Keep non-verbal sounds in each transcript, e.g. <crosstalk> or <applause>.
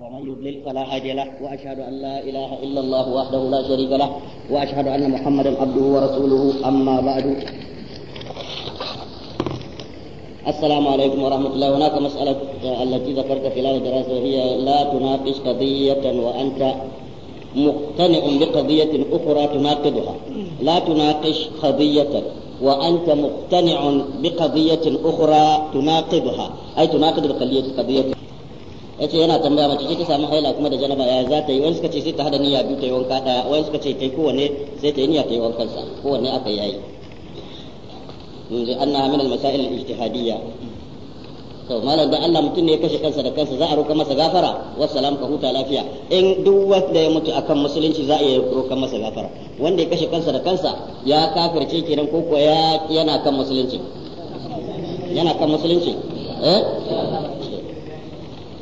ومن يضلل فلا هادي له واشهد ان لا اله الا الله وحده لا شريك له واشهد ان محمدا عبده ورسوله اما بعد السلام عليكم ورحمة الله هناك مسألة التي ذكرت خلال الدراسة هي لا تناقش قضية وأنت مقتنع بقضية أخرى تناقضها لا تناقش قضية وأنت مقتنع بقضية أخرى تناقضها أي تناقض القضية قضية yace yana tambaya mace ce ta samu haila kuma da janaba ya za ta yi wani suka ce sai ta hada niyya biyu ta yi wanka daya wani suka ce kai kowane sai ta yi niyya ta yi wankan sa kowanne aka yayi an na min al-masail al-ijtihadiyya to malam dan Allah mutum ne ya kashe kansa da kansa za a roka masa gafara wassalam ka huta lafiya in duk wanda ya mutu akan musulunci za a iya roka masa gafara wanda ya kashe kansa da kansa ya kafirce kenan ko ko ya yana kan musulunci yana kan musulunci eh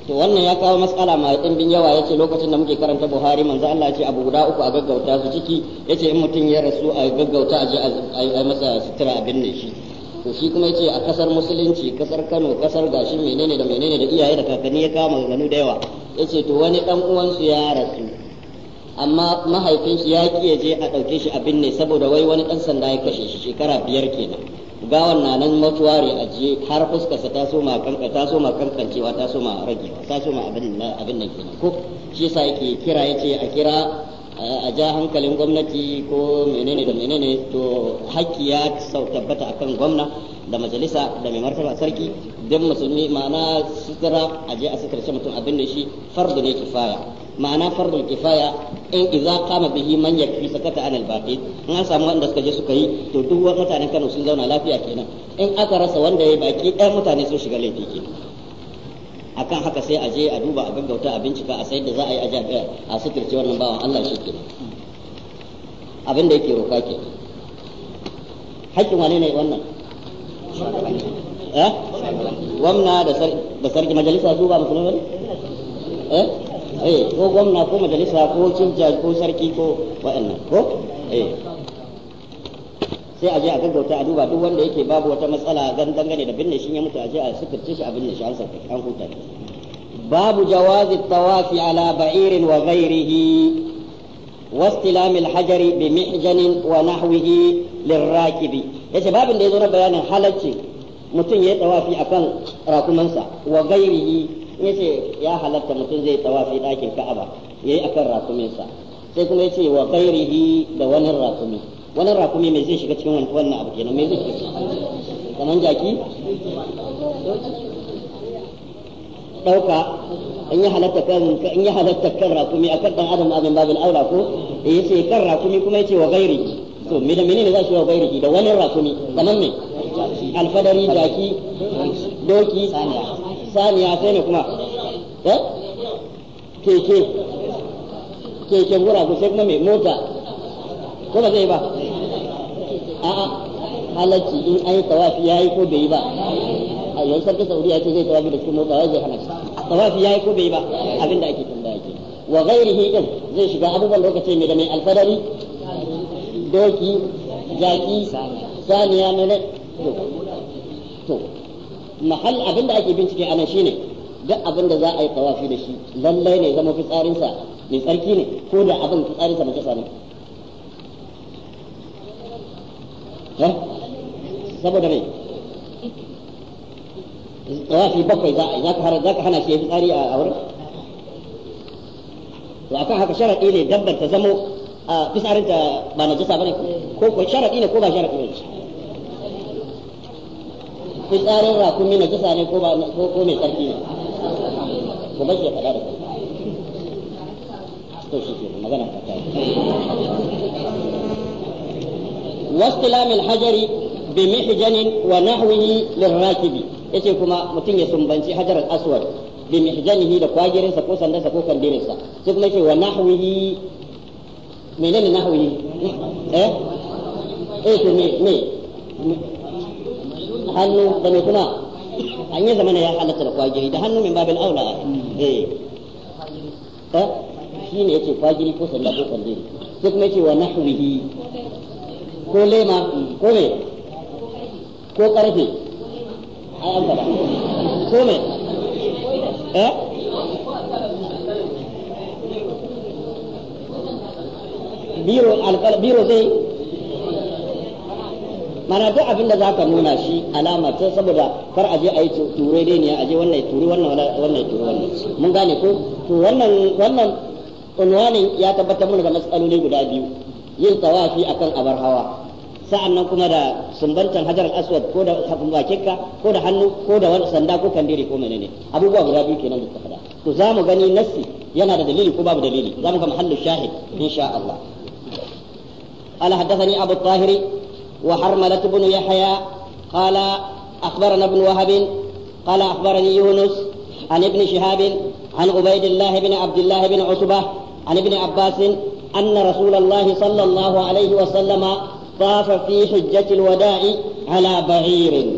to wannan ya kawo matsala mai ɗimbin yawa ya ce lokacin da muke karanta Buhari manzo Allah ce abu guda uku a gaggauta su ciki yace in mutum ya rasu a gaggauta a je a masa sutura a binne shi to shi kuma yace a kasar musulunci kasar Kano kasar gashi menene da menene da iyaye da kakanni ya kawo maganganu da yawa yace to wani dan uwansu ya rasu amma ya ƙi ya je a ɗauke shi a binne saboda wai wani ɗan sanda ya kashe shi shekara biyar kenan gawan na nan matuware a jiye har fuskarsa ta ma kanka ta ma kankancewa ta ma rage ta ma abin abin nan kenan ko shi yasa yake kira yace a kira eh, a ja hankalin gwamnati ko menene da menene to haƙƙi ya sau tabbata akan gwamna da majalisa da mai martaba sarki don musulmi ma'ana sutura a je a suturce mutum abin da shi fardu ne kifaya ma'ana fardul kifaya in idza qama bihi man yakfi sakata an baqi in an samu wanda suka je suka yi to duk wani mutanen Kano sun zauna lafiya kenan in aka rasa wanda yayi baki ɗaya mutane sun shiga laifi kenan akan haka sai a je a duba a gaggauta a bincika a sayar da za a yi a jafiya a suturce wannan bawan Allah shi kenan abin da yake roka ke haƙƙin wane ne wannan eh gwamna da sarki majalisa su musulmi eh eh ko gwamna ko majalisa ko cin jaji ko sarki ko waɗannan ko eh sai a je a gaggauta a duba duk wanda yake babu wata matsala gan dangane da binne shi ya mutu a je a sukurce shi a binne shi an sarki an huta babu jawazi tawafi ala ba'irin wa ghairihi واستلام الحجر بمحجن ونحوه للراكب ce babin da ya zo na bayanin halacci mutum ya yi tawafi kan rakumansa wa gairihi ce ya halatta mutum zai tawafi ɗakin Ka'aba ya yayi akan rakuminsa sai kuma ya ce wa ƙairihi da wani rakumi wani rakumi mai zai shiga cikin wannan abu kenan mai zai shiga kamar jaki ɗauka in ya halatta kan in ya halatta kan rakumi akan dan adam abin babin aura ko eh, ya ce kan rakumi kuma ya ce wa ghairihi to me da menene za shi wa ghairihi da wani rakumi kamar me alfadari jaki doki saniya saniya sai ne kuma eh keke wura ko sai kuma mai mota ko ba zai ba a'a halacci in an yi tawafi ya yi ko bai yi ba a yau sarki ya ce zai tawafi da cikin mota ya zai halarci tawafi ya yi ko bai yi ba abin da ake tambaya ke wa ghairihi din zai shiga abubuwan lokaci mai da mai alfadari doki jaki saniya mai to mahal abinda ake bincike ana shine duk abin da za a yi tawafi da shi lallai ne zama fitsarinsa mai tsarki ne ko da abin fitsarinsa mai kasa ne saboda ne tawafi bakwai za a yi za ka hana shi ya fitsari a wurin to akan haka sharaɗi ne dabbar ta zamo fitsarinta ba na jisa ba ne ko sharaɗi ne ko ba sharaɗi ne fitsarin rakumi na kisa ne ko ko mai tsarki ne ku bashi ya faɗa da kai to shi ke magana ta ta واستلام الحجر بمحجن ونحوه للراكب yace kuma mutum ya sumbanci hajar aswad bi mihjanihi da kwagirin sa ko sandan sa ko kandirin sa sai kuma yace wa nahwihi menene nahwihi eh eh to me me hannu da me kuma an yi zamana ya halatta da kwagiri da hannu min babin aula eh eh shi ne yace kwagiri ko sanda ko sandiri sai kuma yace wa nahwihi ko lema ko me ko karfe ai an fada ko me eh biro alqalam biro sai mana duk abin da za ka nuna shi alama ta saboda kar a je a yi turai dai ne je wannan turi wannan wannan turi wannan mun gane ko to wannan wannan unwanin ya tabbatar mana da matsaloli guda biyu yin tawafi akan abar hawa sa'an nan kuma da sumbantan hajar aswad ko da hafin bakinka ko da hannu ko da wani sanda ko kandiri ko menene abubuwa guda biyu kenan da tafada to za mu gani nassi yana da dalili ko babu dalili za mu ga mahallu shahid insha Allah قال حدثني أبو الطاهر وحرملة بن يحيى قال أخبرنا ابن وهب قال أخبرني يونس عن ابن شهاب عن عبيد الله بن عبد الله بن عتبة عن ابن عباس أن رسول الله صلى الله عليه وسلم طاف في حجة الوداع على بعير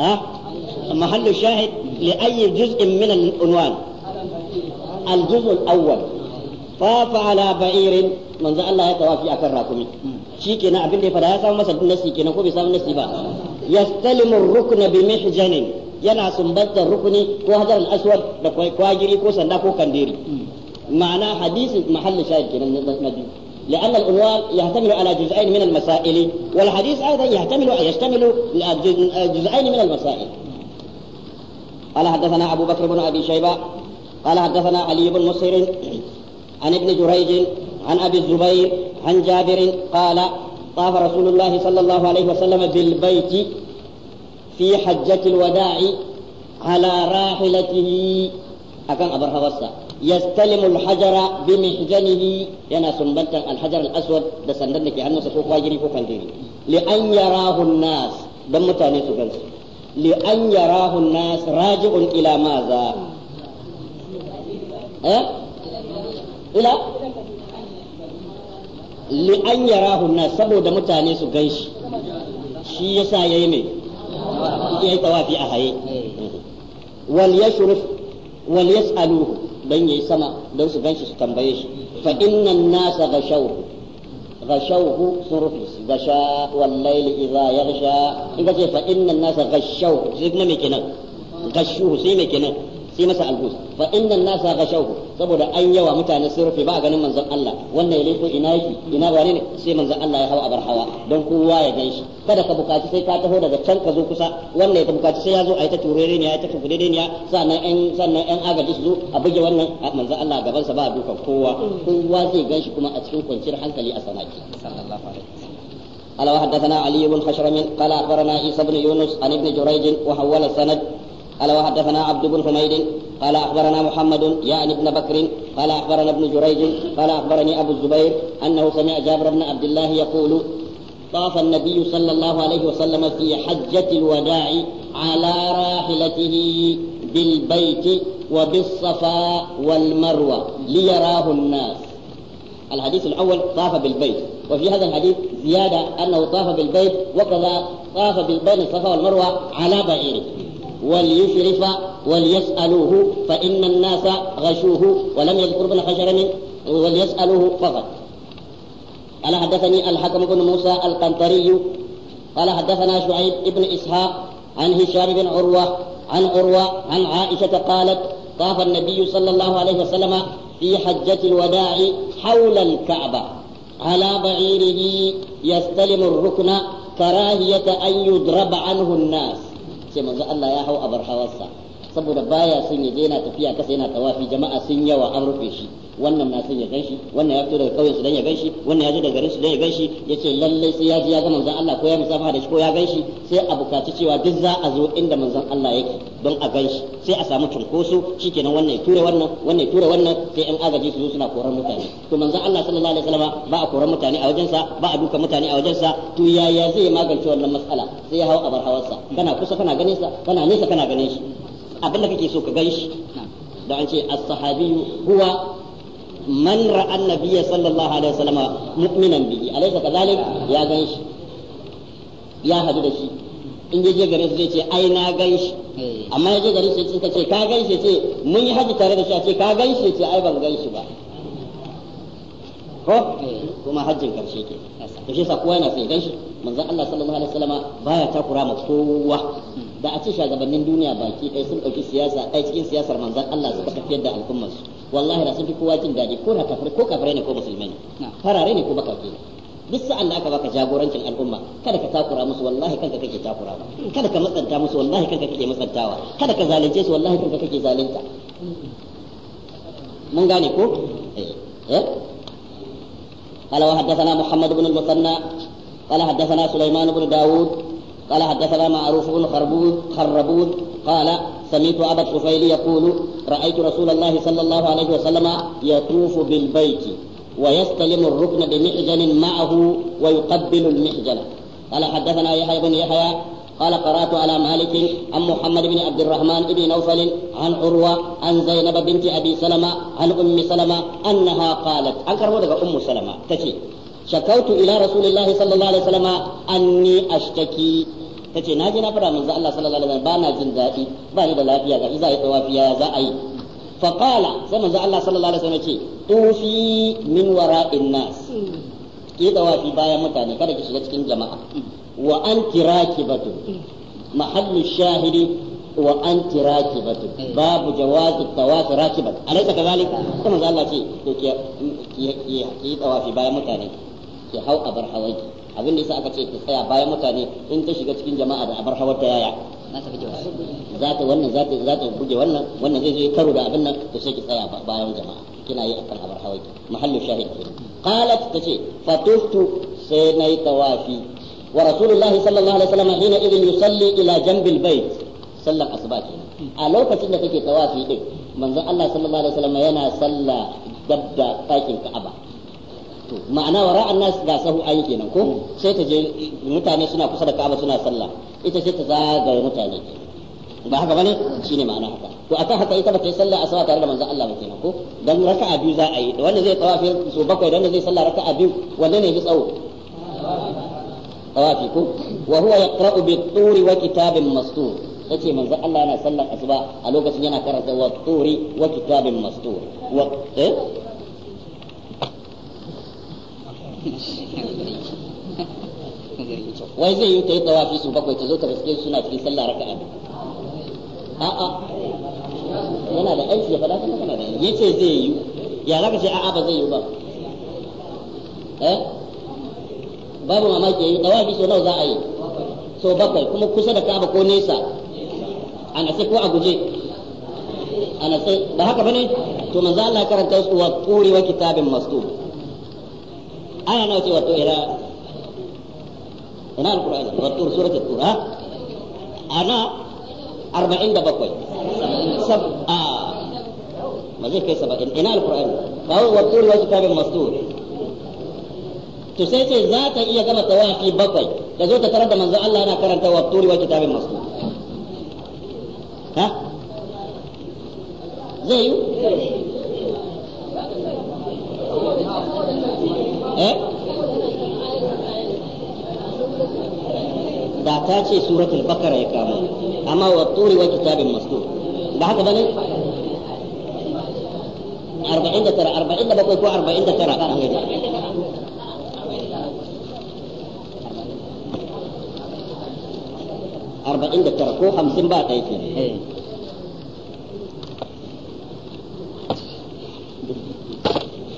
أه؟ محل الشاهد لأي جزء من العنوان الجزء الأول طاف على بعير من الله يتوافي أكراكم shikenan abin da ya fada ya samu masa nasi kenan ko bai samu nasi ba yastalimu rukna bi mihjanin yana sumbantar rukuni ko hajar aswad da kwagiri ko sanda ko kandiri ma'ana hadisi mahallin shahid kenan na biyu لأن العنوان يحتمل على جزئين من المسائل والحديث أيضا يحتمل يشتمل جزئين من المسائل قال حدثنا أبو بكر بن أبي شيبة قال حدثنا علي بن مصير عن ابن جريج عن أبي الزبير عن جابر قال طاف رسول الله صلى الله عليه وسلم بالبيت في حجة الوداع على راحلته أكان أبرها وسا يستلم الحجر بمحجنه ينا سنبتا الحجر الأسود ده سندنك عنه سسوق واجري فوق لأن يراه الناس دم متاني سبنسي لأن يراه الناس راجع إلى ماذا؟ أه؟ إلى li an yarahu saboda mutane su gan shi yi yayi ya yi tawafi a haye wal yashruf wal don ya yi sama don su shi su tambaye shi fa inna an-nas ghashawhu غشوه صرف غشاء والليل إذا يغشى إذا فإن الناس غشوه سيبنا مكنا sai mai kenan. sai masa alhus fa innan nasa gashawhu saboda an yawa mutane sun rufe ba a ganin manzon Allah wannan ya leko ina yake ina bane ne sai manzon Allah ya hawa abar hawa don kowa ya gan shi kada ka bukaci sai ka taho daga can ka zo kusa wannan ya bukaci sai ya zo a yi ta turere ne ya ta tukude ne ya sannan ɗan sannan an agaji su zo a buge wannan manzon Allah gaban sa ba dukan kowa kowa zai gan shi kuma a cikin kwanciyar hankali a samaki sallallahu alaihi wasallam قال وحدثنا علي بن خشرم قال اخبرنا عيسى بن يونس عن ابن جريج وحول السند قال وحدثنا عبد بن حميد قال أخبرنا محمد يعني ابن بكر قال أخبرنا ابن جريج قال أخبرني أبو الزبير أنه سمع جابر بن عبد الله يقول طاف النبي صلى الله عليه وسلم في حجة الوداع على راحلته بالبيت وبالصفا والمروة ليراه الناس الحديث الأول طاف بالبيت وفي هذا الحديث زيادة أنه طاف بالبيت وكذا طاف بالبين الصفا والمروة على بعيره وليشرف وليسألوه فإن الناس غشوه ولم يذكر ابن حجر وليسألوه فقط قال حدثني الحكم بن موسى القنطري قال حدثنا شعيب بن إسحاق عن هشام بن عروة عن عروة عن عائشة قالت طاف النبي صلى الله عليه وسلم في حجة الوداع حول الكعبة على بعيره يستلم الركن كراهية أن يضرب عنه الناس ce manzo Allah ya hau a abar hawarsa saboda baya son ya je yana tafiya kasa yana tawafi jama'a sun yawa an rufe shi wannan na son ya ganshi wannan ya fito daga kauyen su dan ya ganshi wannan ya zo daga garin su dan ya ganshi yace lalle sai ya ji ya ga manzon Allah ko ya musafa da shi ko ya ganshi sai a bukaci cewa duk za a zo inda manzon Allah yake don a ganshi sai a samu cunkoso shikenan wannan ya tura wannan wannan ya tura wannan sai an agaji su zo suna koran mutane to manzon Allah sallallahu alaihi wasallam ba a koran mutane a wajensa ba a duka mutane a wajensa to yaya zai magance wannan matsala sai ya hawo abar hawarsa kana kusa kana ganin sa kana nesa kana ganin shi abin kake so ka ganshi da an ce as-sahabi huwa man ra'a annabiyya sallallahu alaihi wasallam mu'minan bihi alaysa kadhalik ya ganshi ya hadu da shi in je gare su zai ce ai na gan shi eh. amma ya je gare su ka ce ka gan shi ce mun yi haji tare da shi a ce ka gan shi ce ai ban gan shi ba ko eh. kuma hajjin karshe ke to shi sa kowa yana sai gan shi Allah sallallahu alaihi wasallama baya takura ma kowa da a ce shagabannin duniya baki ɗaya sun ɗauki siyasa ɗaya cikin siyasar manzon Allah suka tafiyar da al'ummar su wallahi da sun fi kowa jin daɗi ko da kafirai ko kafirai ne ko musulmai ne farare ne ko bakake ne duk sa'an da aka baka jagorancin al'umma kada ka takura musu wallahi kanka kake takura kada ka matsanta musu wallahi kanka kake matsantawa kada ka zalunce su wallahi kanka kake zalunta mun gane ko eh, eh. قال وحدثنا محمد بن المثنى قال حدثنا سليمان بن داود قال حدثنا معروف بن خربوز خربوز قال سمعت أبا الطفيل يقول رأيت رسول الله صلى الله عليه وسلم يطوف بالبيت ويستلم الركن بمحجن معه ويقبل المحجن قال حدثنا يحيى بن يحيى قال قرأت على مالك عن محمد بن عبد الرحمن بن نوفل عن عروة عن زينب بنت أبي سلمة عن أم سلمة أنها قالت أنكر ولد أم سلمة تشي شكوت إلى رسول الله صلى الله عليه وسلم أني أشتكي ce na je na fada manzo Allah sallallahu alaihi wasallam ba na jin daɗi ba ni da lafiya ga za a yi tawafi za a yi fa qala sai manzo Allah sallallahu alaihi wasallam ce tufi min wara'in nas ki tawafi bayan mutane kada ki shiga cikin jama'a wa anti rakibatu mahallu shahidi wa anti rakibatu babu jawazi tawafi rakibat alaysa kadhalika kuma Allah ce to ki ki ki tawafi bayan mutane ki hau abar hawaiki abin da yasa aka ce ta tsaya bayan mutane in ta shiga cikin jama'a da abar hawar ta yaya za ta wannan za ta za ta buge wannan wannan zai zo karo da abin nan to sai ki tsaya bayan jama'a kina yi akan abar hawar ki mahallu shahid ki qalat ce fatustu sai nayi tawafi wa rasulullahi sallallahu alaihi wasallam hina idin yusalli ila janbil bait sallan asuba kenan a lokacin da kake tawafi din manzon Allah sallallahu alaihi wasallam yana salla dabda ɗakin Ka'aba to ma'ana ra'an annas ga sahu ayi kenan ko sai ta je mutane suna kusa da Ka'aba suna sallah ita sai ta zaga mutane ba haka bane shine ma'ana haka to akan haka ita bata yi sallah sawa tare da manzon Allah ba kenan ko dan raka'a biyu za a yi wanda zai tawafi so bakwai dan zai sallah raka'a biyu wanda ne bi tsawo tawafi ko wa huwa yaqra'u bi turi wa kitabin mastur yace manzon Allah yana sallar asuba a lokacin yana karanta wa turi wa kitabin mastur wa eh wai zai yi ta yi tsawafi su bakwai ta zo ta riske suna cikin sallah raka raka'a a'a yana da aiki ya faɗa kuma yana da aiki yace zai yi ya zaka ce a'a ba zai yi ba eh babu mamaki yayi tawafi so nawa za a yi so bakwai kuma kusa da kaba ko nesa a nasai ko a guje a nasai ba haka bane to manzo Allah karanta su wa kuri wa kitabin mastur aya nawa ce wato ira ina alqur'ani wato suratul tur ha ana 47 sab a ma zai kai 70 ina alqur'ani wato kitabin mastur to sai ce za ta iya gama tawafi bakwai da zo ta tarar da manzo Allah yana karanta wato wa kitabin mastur ha zai yi Eh? da ta ce suratul bakara ya kama amma wa turi wa kitabin masdur ba haka bane 49 ko 49 arba'in da tara ko hamsin ba ɗaya ke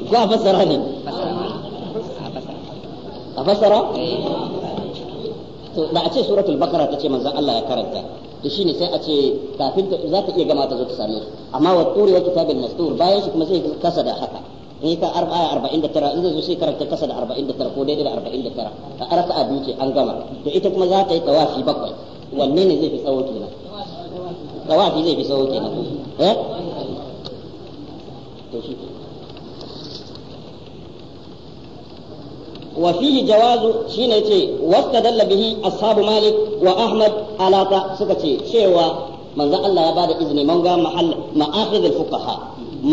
ko eh. a fassara ne a fasara to da a ce suratul bakara ta ce manzon Allah ya karanta to ne sai a ce kafin ta za ta iya gama ta zo ta same su amma wa turi wa na mastur bayan shi kuma sai kasa da haka in ka aya 49 in zai zo sai karanta kasa da arba'in da tara ko daidai da arba'in da tara a arasa a duke an gama to ita kuma za ta yi tawafi bakwai wanne ne zai fi tsawo kenan tawafi zai fi tsawo kenan eh to shi وفيه جواز شين يتي واستدل به أصحاب مالك وأحمد على سكتي شيوا من ذا الله بعد إذن من قام محل مآخذ الفقهاء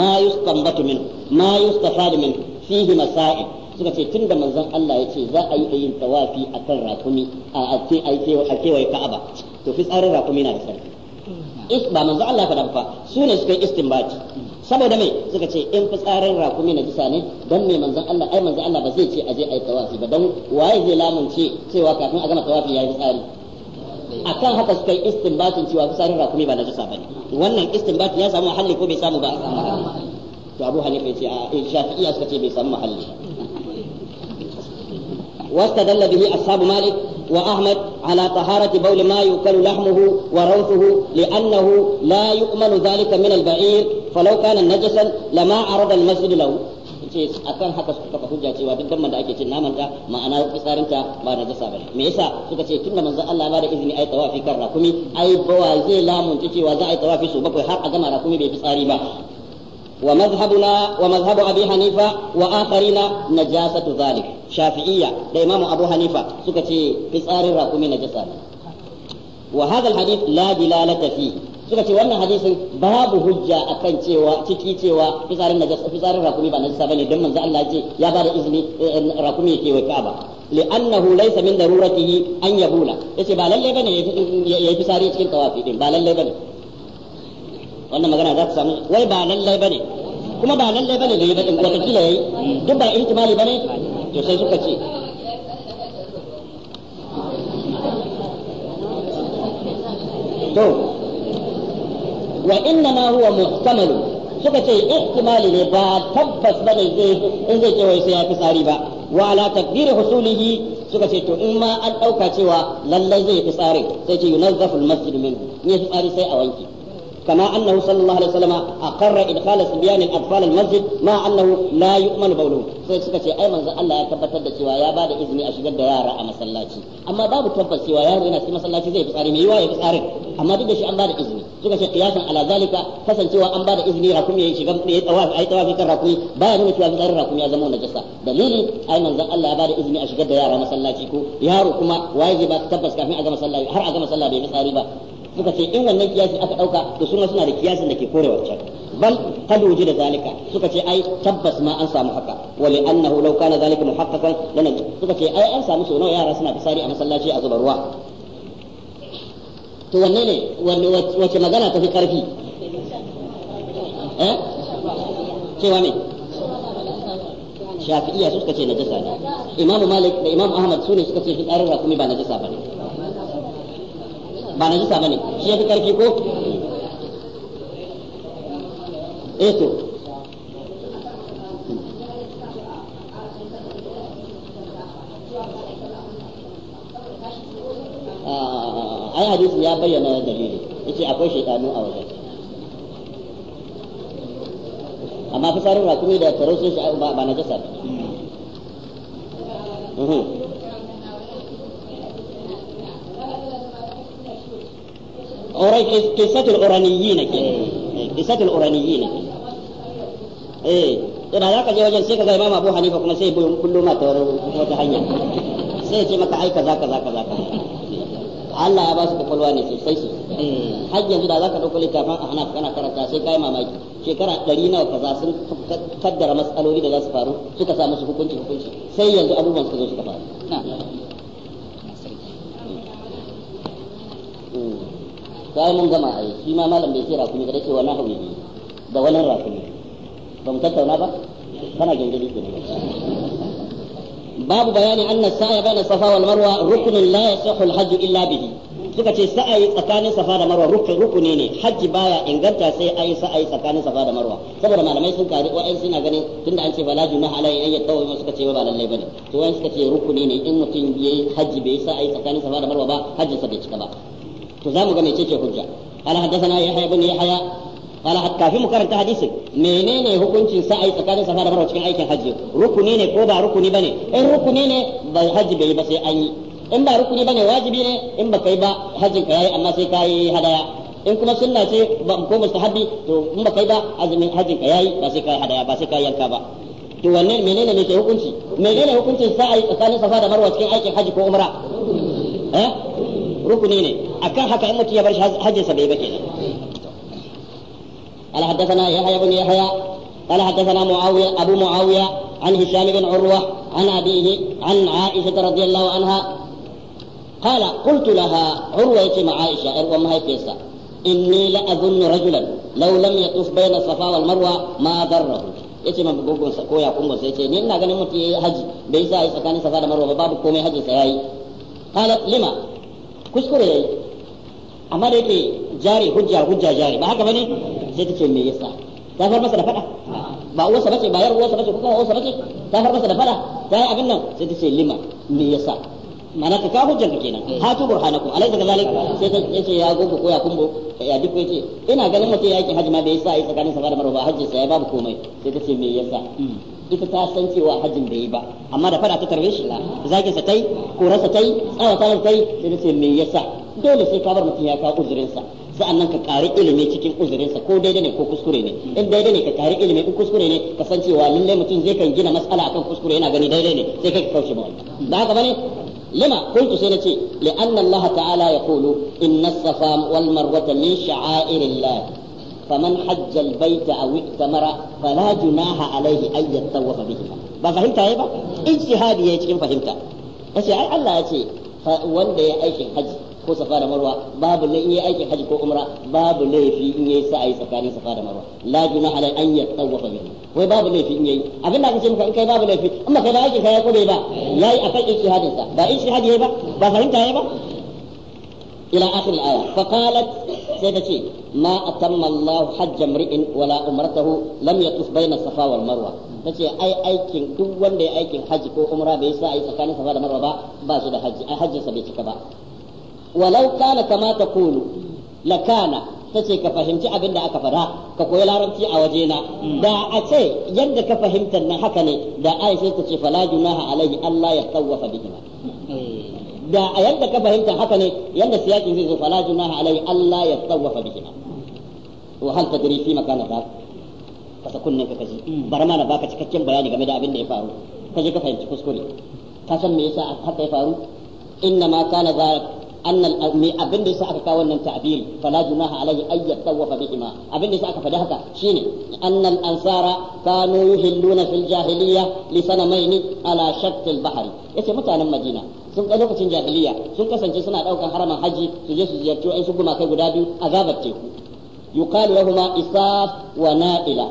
ما يستنبط منه ما يستفاد منه فيه مسائل suka ce tun da manzon Allah ya ce za a yi yin tawafi akan rakumi a kewaye ka'aba to fitsarin rakumi na da sarki ba manzo Allah faɗa ba su ne suka yi istinbati saboda me suka ce in fitsarin rakumi na jisa ne dan me manzon Allah ai manzon Allah ba zai ce aje ai tawafi ba dan waye zai lamunce cewa kafin a gama tawafi yayi fitsari akan haka suka yi istinbatin cewa fitsarin rakumi ba na jisa bane wannan istinbati ya samu halli ko bai samu ba to Abu Hanifa ya ce a Shafi'iyya suka ce bai samu mahalli واستدل bihi ashabu malik وأحمد على طهارة بول ما يؤكل لحمه وروثه لأنه لا يؤمن ذلك من البعير فلو كان نجسا لما عرض المسجد له ce akan haka suka kafa hujja cewa duk gamman da ake cin naman ta ma'ana fitsarin ta ba na jasa bane me yasa suka ce tunda manzon Allah ya bada izini ai tawafi kan rakumi ai bawa zai lamunta cewa za a yi tawafi su bakwai har a gama rakumi bai fitsari ba ومذهبنا ومذهب hanifa wa وآخرين najasatu ذلك shafi'iyya da imamu abu hanifa suka ce fitsarin rakumi na jasa ne wa hadith la dilalata suka ce wannan hadisin babu hujja akan cewa ciki cewa fitsarin najasa fitsarin rakumi ba najasa bane dan manzo Allah ya bada izini eh, eh, rakumi yake wa Ka'aba li'annahu laysa min daruratihi an yabula yace ba lalle bane yayi fitsari cikin tawafi din ba lalle bane wannan magana za ta samu wai ba kuma ba da yi wata duk ba to sai suka ce to wa inna ma huwa muhtamalu suka ce ihtimali ne ba tabbas ba zai in zai ce wai sai ya fi tsari ba wa ala takdiri husulihi suka ce to in ma an ɗauka cewa lallai zai fi tsari sai ce yunazzafu al-masjid minhu ne fi tsari sai a wanke كما أنه صلى الله عليه وسلم أقر إدخال صبيان الأطفال المسجد مع أنه لا يؤمن بولهم sai suka ce ai Allah ya tabbatar da cewa ya bada izini a shigar da yara a masallaci amma babu tabbas cewa yaro yana cikin masallaci zai fitsari mai yiwa ya fitsari amma duk da shi an bada izini suka ce kiyasan ala zalika kasancewa an bada izini rakum a shiga ya tawafi ai tawafi rakumi baya nuna cewa fitsarin rakumi ya zama najasa dalili ai manzo Allah ya bada izini a shigar da yara masallaci ko yaro kuma waye tabbas kafin a ga masallaci har a ga masallaci bai ba suka ce in wannan kiyasi aka dauka to suna suna da kiyasin da ke kore wancan bal qad da zalika suka ce ai tabbas ma an samu haka wa li annahu law kana zalika muhaqqaqan lana suka ce ai an samu sono yara suna fisari a masallaci a zuba ruwa to wanne ne wace magana ta fi karfi eh cewa ne shafi'iya su suka ce najasa ne imamu malik da imamu ahmad su ne suka ce fitsarin rakumi ba najasa ba ne ba na jisa ne, shi ya fi karfi ko eh to ah, ai hadisi ya bayyana dalili yace akwai shaitanu a wajen amma fitsarin rakumi da taro sun shi ba na jasa ba urai qissatul uraniyina ke qissatul uraniyina eh ina za ka je wajen sai ka ga imam abu hanifa kuma sai buyin kullum ma tawar wata hanya sai ya ce maka kaza kaza kaza Allah ya ba su kwakwalwa ne sosai su har yanzu da za ka ɗauko littafin a hana kana karanta sai kai mamaki shekara ɗari nawa kaza sun kaddara matsaloli da za su faru suka sa musu hukunci hukunci sai yanzu abubuwan suka zo faru bayan mun gama ai shi ma malam bai ce rakumi da dace wani hawi da wani rakumi ba mu tattauna ba kana gangare ke babu an anna sa'a bayna safa wal marwa rukunin la yasihu al hajj illa bihi suka ce sa'ayi tsakanin safa da marwa rukuni ne hajji baya inganta sai ayi sa'ayi tsakanin safa da marwa saboda malamai sun kare wa'in suna ganin tunda an ce bala junaha ala an yadda wa'in suka ce ba lallai bane to wa'in suka ce rukuni ne in mutum yayi hajji bai sa'ayi tsakanin safa da marwa ba hajjinsa bai cika ba to mu ga mecece hujja قال حدثنا يحيى بن يحيى قال حتى في مكرن حديث menene hukuncin sa tsakanin safa da marwa cikin aikin hajji rukuni ko ba rukuni bane in rukuni ne ba hajji bai ba sai an in ba rukuni bane wajibi ne in ba kai ba hajjin ka yayi amma sai ka yi hadaya in kuma sunna ce ko mustahabi to in ba kai ba azumin hajjin ka yayi ba sai ka yi hadaya ba sai ka yanka ba to wannan menene ne ke hukunci menene tsakanin safa da cikin aikin hajji ko umra rukuni ne akan haka in mutum ya bar shi hajjin sa bai ba kenan al haddathana yahya ibn قال حدثنا معاوية أبو معاوية عن هشام بن عروة عن أبيه عن عائشة رضي الله عنها قال قلت لها عروة مع عائشة عروة ما هي إني لأظن رجلا لو لم بين الصفا والمروة ما ضره yace ma bugun sa koya kun sai ce ni ina ganin mutum yayi haji bai sa yi tsakanin safa da marwa babu komai haji sa yayi qalat lima kuskure ya yi amma da yake jari hujja hujja jari ba haka bane sai ta ce me yasa ta far masa da fada ba uwarsa bace ba yar uwarsa bace ko kuma uwarsa bace ta far masa da fada ta yi abin nan sai ta ce lima me yasa mana ka ka hujjanka kenan tu burhanaku alaysa kadhalik sai ta ce ya gogo ko ya kumbo ya duk yace ina ganin mutum ya yake hajji ma bai sa yi tsakanin safar marwa hajji sai babu komai sai ta ce me yasa ita ta san cewa hajjin bai yi ba amma da fada ta tarbe shi zagin sa tai rasa tai tsawata ta tai sai ce me yasa dole sai ka bar mutum ya kawo uzurinsa sa'annan ka kari ilimi cikin uzurinsa ko daidai ne ko kuskure ne in daidai ne ka kari ilimi in kuskure ne ka san cewa lallai mutum zai kan gina mas'ala akan kuskure yana gani daidai ne sai kai ka kauce ma wannan da haka bane lima kuntu sai nace li anna Allah ta'ala yaqulu inna safa wal marwata min sha'airillah faman hajjal baita aw iktamara fala junaha alaihi an yatawafa bihi ba fahimta yayi ba ijtihadi yayi cikin fahimta yace ai Allah yace wanda ya aikin haji ko safa da babu ne in yi aikin ko umra babu laifi in yi sa'ayi tsakanin safa da marwa la junaha alai an yatawafa bihi babu laifi in yayi abin da aka kai babu laifi amma kai ba aikin kai ko bai ba yayi akan ijtihadin sa ba ijtihadi ba ba fahimta yayi ba ila akhir aya fa sai ta ما أتم الله حج امرئ ولا عمرته لم يطف بين الصفا والمروة tace ai duk wanda ya aikin haji ko umra bai sa ai tsakanin safa da marwa ba ba shi da haji ai hajjin sa bai cika ba walau kana kama takunu la kana tace ka fahimci abin da aka fada ka koyi larabci a waje na da a ce yadda ka fahimtar haka ne da ta ce Allah ya da a yadda ka fahimta haka ne yadda siyakin zai zo fala junaha alai Allah ya tsawafa bihima وهل تدري في مكان ذاك kasa kunnen ka kaji bar ma na baka cikakken bayani game da abin da ya faru ka je ka fahimci kuskure ka san me yasa haka ya faru inna ma kana zalik annal me abin da yasa aka kawo wannan ta'bir fala junaha alaihi ay yatawafa bihima abin da yasa aka fada haka shine annal ansara kanu yuhilluna fil jahiliyya li sanamaini ala shattil bahri yace mutanen madina sun kai lokacin jahiliya sun kasance suna daukan haramin haji su je su ziyarci ai su gumakai guda biyu a gabar teku yuqalu lahuma isaf wa na'ila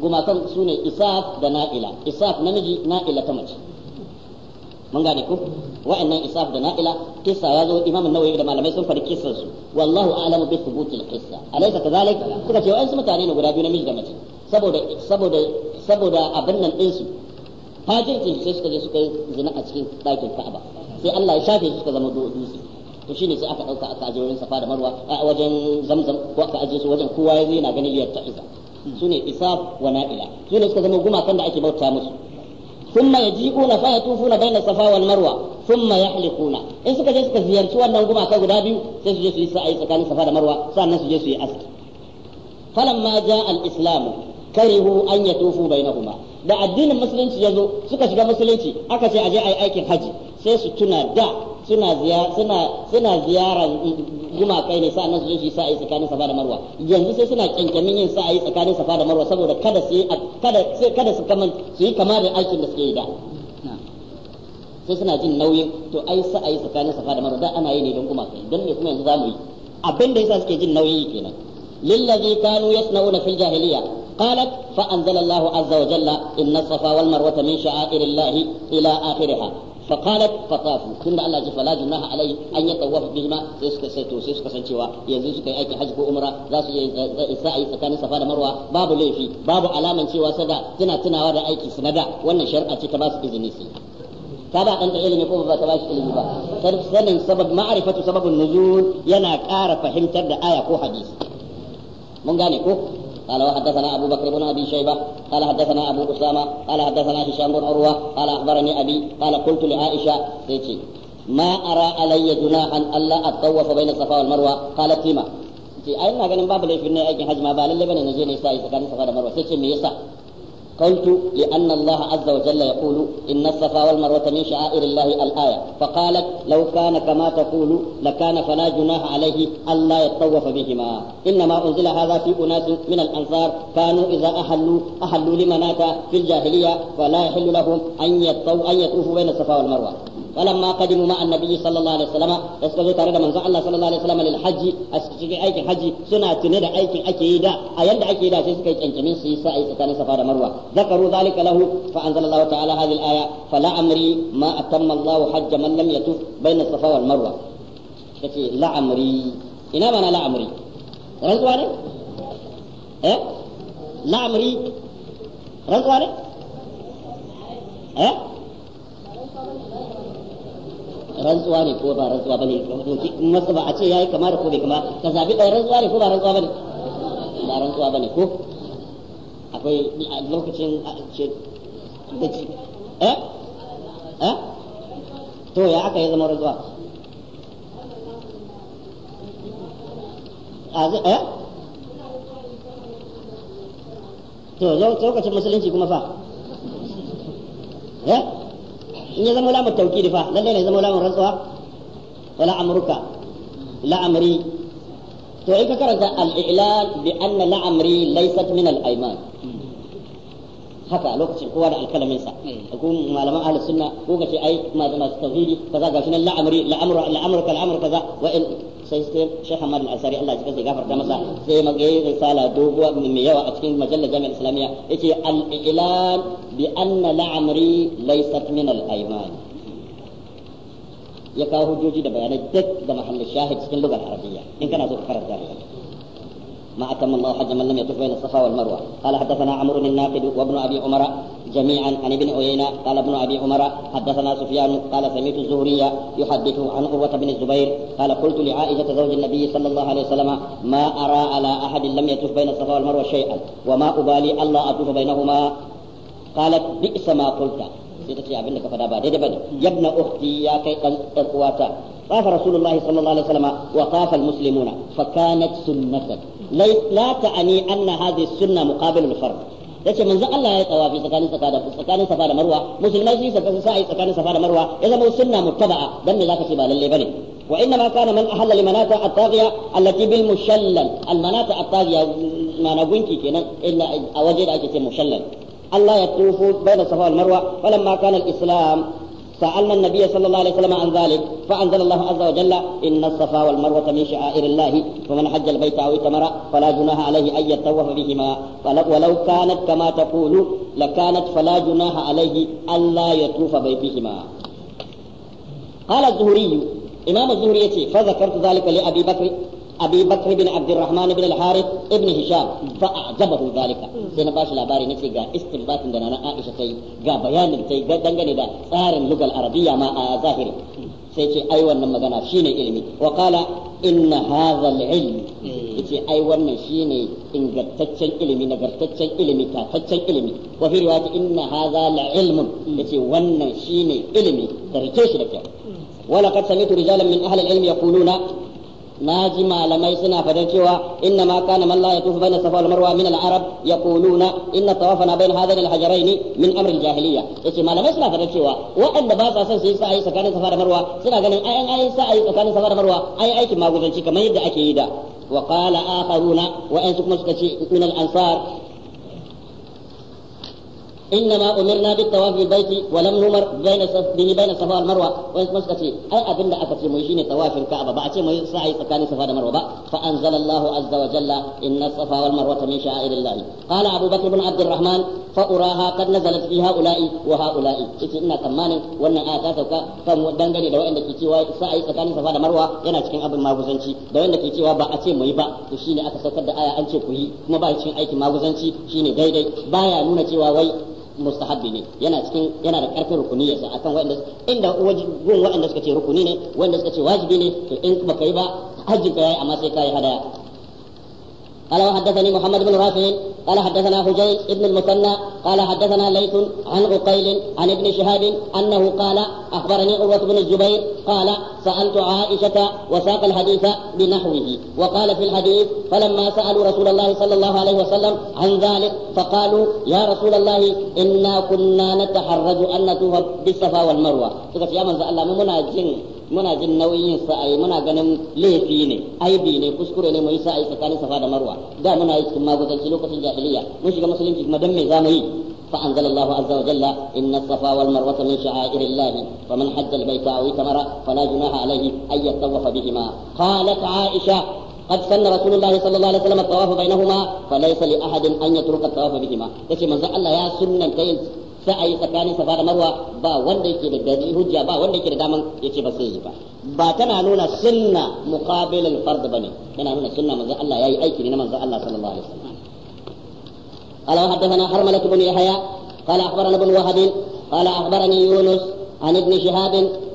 gumakan su isaf da na'ila isaf namiji na'ila ta mace mun ku wa'annan isaf da na'ila kissa ya zo imamu nawawi da malamai sun faɗi kisarsu wallahu a'lamu bi thubutil qissa alaysa kadhalik suka ce wa'ansu mutane ne guda biyu namiji da mace saboda a saboda abin nan din su fajircin sai suka je suka zina a cikin ɗakin Ka'aba sai Allah ya shafe su suka zama dutse to shine sai aka dauka aka aje wurin safa da marwa a wajen zamzam ko aka aje su wajen kowa yazo yana ganin liyar ta'iza sune isaf wa na'ila sune suka zama gumakan da ake bauta musu fa yatufuna فيطوفون safa wal marwa thumma yahliquna in suka je suka ziyarci wannan gumaka guda biyu sai su je su yi sa'ayi tsakanin safa da marwa sannan su je su yi aski falamma jaa al-islamu karihu an yatufu bainahuma da addinin musulunci yazo suka shiga musulunci aka ce aje ayi aikin haji sai su tuna da suna ziya suna suna ziyaran gumakai ne sa'annan su je su sa'ayi tsakanin safa da marwa yanzu sai suna kyankyamin yin sa'ayi tsakanin safa da marwa saboda kada su kada sai kada su kaman su yi kama da aikin da suke yi da sai suna jin nauyin to ai sa'ayi tsakanin safa da marwa da ana yi ne don gumakai don me kuma yanzu zamu yi abin da yasa suke jin nauyi kenan lillazi kanu yasnauna fil jahiliya قالت فأنزل الله عز وجل إن الصفا والمروة من شعائر الله إلى آخرها فقالت tun da Allah ji fala junaha alai an ya tawafa bilma sai suka sai to sai suka san cewa yanzu suka yi aikin hajji ko umra za su yi sa'i tsakanin safa da marwa babu laifi babu alaman cewa sada tana tunawa da aiki da wannan shari'a ce ta ba su izini su ta ba ɗan ilimi ko ba ta ba ilimi ba sanin sabab ma'arifatu sababin nuzul yana ƙara fahimtar da aya ko hadisi mun gane ko قال وحدثنا أبو بكر بن أبي شيبة قال حدثنا أبو أسامة قال حدثنا هشام بن عروة قال أخبرني أبي قال قلت لعائشة تيتي ما أرى علي جناحا ألا أتطوف بين الصفا والمروة قالت لما ce ai ina ganin لي في النهاية aikin بالله بني نجيني lalle كان na والمروة ne ميسا قلت لأن الله عز وجل يقول إن الصفا والمروة من شعائر الله الآية فقالت لو كان كما تقول لكان فلا جناح عليه ألا يتطوف بهما إنما أنزل هذا في أناس من الأنصار كانوا إذا أحلوا أحلوا لمناة في الجاهلية فلا يحل لهم أن يطوفوا بين الصفا والمروة فلما قدموا مع النبي صلى الله عليه وسلم اسكتوا ترى من الله صلى الله عليه وسلم للحج في ايك حج سنة تنيد ايك اكيدا ايند اكيدا سيسكي تنكمين سيسا ايك كان سفار مروة ذكروا ذلك له فأنزل الله تعالى هذه الآية فلا أمري ما أتم الله حج من لم يتف بين الصفا والمروة kace la'amri ina mana la'amri rantsuwa ne eh la'amri rantsuwa ne eh rantsuwa ne ko ba rantsuwa bane masa ba a ce yayi kama da ko bai kama ka zabi ɗaya rantsuwa ne ko ba rantsuwa bane ba rantsuwa bane ko akwai a lokacin ce da ci eh eh to ya aka yi zama rantsuwa a eh to lokacin musulunci kuma fa eh in ya zama lamun tawkidi fa lalle ne zama lamun rantsuwa wala amruka la amri to in ka karanta al-i'lan bi anna la amri laysat min al-ayman haka lokacin kowa da alkalamin sa hmm. ko malaman ahlus sunna ko kace ai masu su tauhidi kaza gashi nan la'amri la'amru la'amru kal amru kaza wa in sai sai Sheikh Ahmad Al-Ansari Allah ya gafarta masa sai magayi risala doguwa mai yawa a cikin majallar Jami'ar Islamiyya yace al-ilan bi anna la'amri laysat min al-ayman ya kawo hujjoji da bayanai duk da mahallin shahid cikin lugar arabiyya in kana so ka karanta ما أتم الله حج من لم يطف بين الصفا والمروة قال حدثنا عمرو الناقد وابن أبي عمر جميعا عن ابن عيينة قال ابن أبي عمر حدثنا سفيان قال سمعت الزهري يحدث عن عروة بن الزبير قال قلت لعائشة زوج النبي صلى الله عليه وسلم ما أرى على أحد لم يطف بين الصفا والمروة شيئا وما أبالي الله أطوف بينهما قالت بئس ما قلت sai ta ce abin da ka faɗa ba daidai bane yabna ukhti ya kai dan dan uwata طاف رسول الله صلى الله عليه وسلم وطاف المسلمون فكانت سنة لا تعني أن هذه السنة مقابل الفرض yace manzon Allah ya tsawafi tsakanin safa da tsakanin safa da marwa musulmai sun saka sa'i tsakanin safa da marwa ya zama sunna muttaba'a dan me zaka ce ba lalle bane wa inna ma kana man ahalla limanata at-taghiya allati bil mushallal al manata at-taghiya mana gunki kenan illa a waje da ake ce mushallal ألا يطوفوا بين الصفا والمروة فلما كان الإسلام سألنا النبي صلى الله عليه وسلم عن ذلك فأنزل الله عز وجل إن الصفا والمروة من شعائر الله فمن حج البيت أو اتمر فلا جناح عليه أن يتوف بهما ولو كانت كما تقول لكانت فلا جناح عليه ألا يطوف بيتهما قال الزهري إمام الزهري فذكرت ذلك لأبي بكر أبي بكر بن عبد الرحمن بن الحارث ابن هشام فأعجبه ذلك سينا باش لاباري نتي غا استنباط دنا عائشة تي غا بيان تي غا دنگني دا صار اللغة العربية ما ظاهري sai ce ai wannan magana shine ilimi wa qala inna hadha al-ilm yace ai wannan shine ingantaccen ilimi nagartaccen ilimi tataccen ilimi wa fi riwayati inna hadha al-ilm yace wannan shine ilimi da rike shi da kyau ولقد سمعت رجالا من اهل العلم يقولون na ji malamai suna fadar cewa inna ma kana man la yatufu baina safa wal marwa min al arab yaquluna inna tawafana bain hadhain al hajarain min amr al jahiliya yace malamai suna fadar cewa waɗanda ba sa son su yi sa'ayi tsakanin safa da marwa suna ganin ayan ayin sa'ayi tsakanin safa da marwa ai aikin maguzanci kamar yadda ake yi da wa a akharuna wa kuma suka ce min ansar إنما أمرنا بالطواف بالبيت ولم نمر بين به بين الصفا والمروة وإن مسكتي أي أبن أكتي ميشيني طواف الكعبة بعتي مي سعي سكان الصفا والمروة فأنزل الله عز وجل إن الصفا والمروة من شعائر الله قال أبو بكر بن عبد الرحمن فأراها قد نزلت في هؤلاء وهؤلاء إتي إنا كمان وأن آتاتك كم دنجني دو إنك تيوا سعي سكان الصفا والمروة ينا تكين أبن ما بزنتي دو إنك تيوا بعتي مي با تشيني أكسكت آية أنت كوي ما بعتي أيك ما بزنتي شيني دايداي بايا نونا تيوا wai mustahabbi ne yana cikin yana da karfin rukuni yasa akan wanda inda gun wanda suka ce rukuni ne wanda suka ce wajibi ne to in baka kai ba hajjin ka yayi amma sai kai hadaya قال haddathani muhammad bin rafin. قال حدثنا هجين بن المثنى قال حدثنا ليث عن عقيل عن ابن شهاب انه قال اخبرني عروه بن الزبير قال سالت عائشه وساق الحديث بنحوه وقال في الحديث فلما سالوا رسول الله صلى الله عليه وسلم عن ذلك فقالوا يا رسول الله انا كنا نتحرج ان نتوه بالصفا والمروه. يا من الله منا muna jin nauyin sa ai muna ganin laifi ne aibi ne kuskure ne mai sa ai tsakanin safa da marwa da muna yi cikin maguzanci lokacin jahiliya mun shiga musulunci kuma dan me zamu yi fa anzalallahu فأنزل الله عز وجل إن الصفا والمروة من شعائر الله فمن حج البيت aw tamara fala junaha alayhi ay yatawaffa bihima qalat aisha قد سن رسول الله صلى الله عليه وسلم الطواف بينهما فليس لأحد أن يترك الطواف بهما تشي من الله يا سنة sa'ayi tsakanin safa da marwa ba wanda yake da gari hujja ba wanda yake da daman yace ba sai yi ba ba tana nuna sunna muqabil al fard bane tana nuna sunna Allah yayi aiki ne na manzon Allah sallallahu alaihi wasallam قال وحدثنا حرملة بن يحيى قال أخبرنا ابن وهب قال أخبرني يونس عن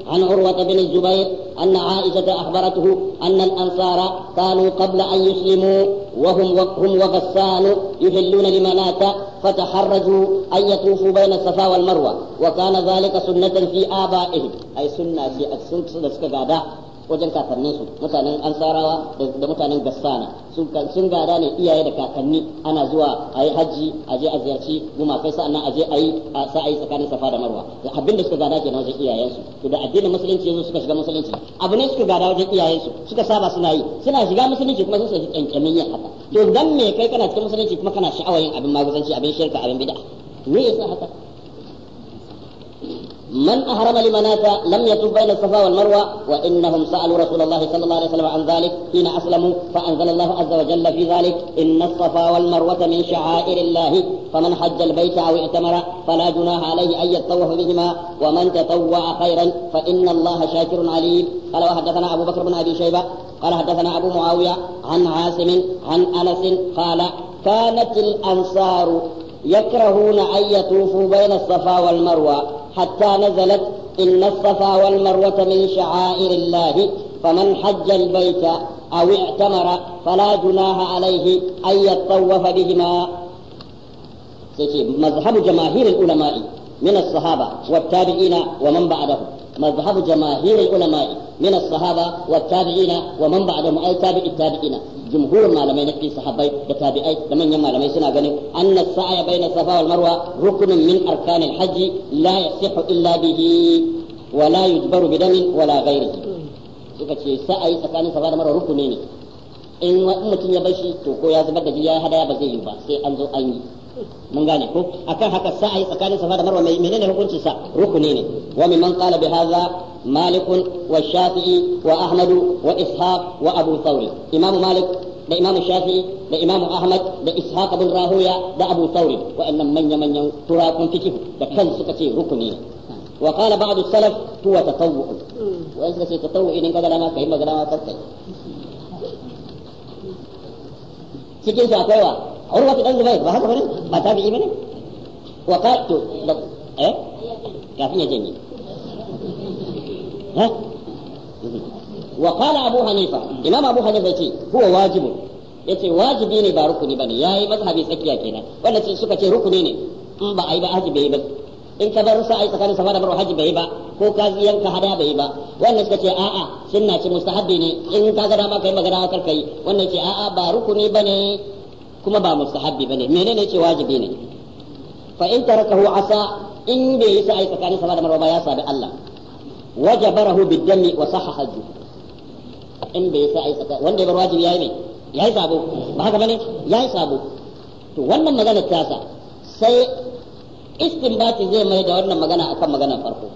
عن عروة بن الزبير أن عائشة أخبرته أن الأنصار كانوا قبل أن يسلموا وهم هم وغسان يهلون لمناة فتحرجوا أن يطوفوا بين الصفا والمروة وكان ذلك سنة في آبائهم أي سنة في السنة wajen kakanninsu mutanen ansarawa da mutanen gassana sun gada ne iyaye da kakanni ana zuwa a yi hajji a je a ziyarci gumakai sa'annan a je a yi sa a yi tsakanin safa da marwa da abin da suka gada ke na wajen iyayensu to da addinin musulunci yanzu suka shiga musulunci abu ne suka gada wajen iyayensu suka saba suna yi suna shiga musulunci kuma sun shiga kyankyamin yin haka to dan me kai kana cikin musulunci kuma kana sha'awar yin abin maguzanci abin shirka abin bid'a me yasa haka من أحرم لمناة لم يطوف بين الصفا والمروة وإنهم سألوا رسول الله صلى الله عليه وسلم عن ذلك حين أسلموا فأنزل الله عز وجل في ذلك إن الصفا والمروة من شعائر الله فمن حج البيت أو اعتمر فلا جناح عليه أن يتطوف بهما ومن تطوع خيرا فإن الله شاكر عليم قال وحدثنا أبو بكر بن أبي شيبة قال حدثنا أبو معاوية عن عاصم عن أنس قال كانت الأنصار يكرهون أن يطوفوا بين الصفا والمروة حتى نزلت إن الصفا والمروة من شعائر الله فمن حج البيت أو اعتمر فلا جناه عليه أن يطوف بهما مذهب جماهير العلماء من الصحابة والتابعين ومن بعدهم مذهب جماهير العلماء من الصحابة والتابعين ومن بعدهم أي تابع التابعين جمهور المعلمين نكي صحابي وتابعي لمن يما لما يسنا أن السعي بين الصفا والمروة ركن من أركان الحج لا يصح إلا به ولا يجبر بدم ولا غيره suka ce sa'ayi tsakanin safa da marwa rukuni ne in mutum ya bar shi to ko ya zubar da jini ya hadaya ba zai yi ba sai an zo an yi mun gane ko akan haka sa ai tsakanin safa da marwa menene hukunci sa rukuni ne wa mimman qala bi hadha ahmad wa ishaq wa abu thawri imam malik da Imam Shafi'i da Imam Ahmad da Ishaq bin Rahoya da Abu Thawri wa'annan manya manyan turakun fikih da kan suka ce rukuni wa qala ba'd salaf huwa tatawwu wa in sai tatawwu idan ka ga dama kai magana ma kai cikin su akwai wa عروة بن زبير وهذا هو ما تابعي منه وقال تو ايه كافية جميل ها وقال أبو حنيفة إمام أبو حنيفة هو واجب yace wajibi ne ba rukuni ba ne bane yayi mazhabi tsakiya kenan wanda sai suka ce rukuni ne in ba ai ba haji bai yi ba in ka bar sa'ai tsakanin safa da marwa haji bai yi ba ko ka yanka hada bai ba wannan suka ce a'a sunna ce mustahabbi ne in ka ga dama kai magana kar kai wannan ce a'a ba rukuni ba ne. kuma ba mustahabbi bane menene ce wajibi ne fa in tarakahu asa in bai yi sa'i tsakanin sama da marwa ba ya sabi Allah wajabarahu bidami wa sahaha in bai yi sa'i tsakanin wanda ya wajibi yayi ne yayi sabo ba haka bane yayi sabo to wannan magana ta sa sai istinbati zai mai da wannan magana akan magana farko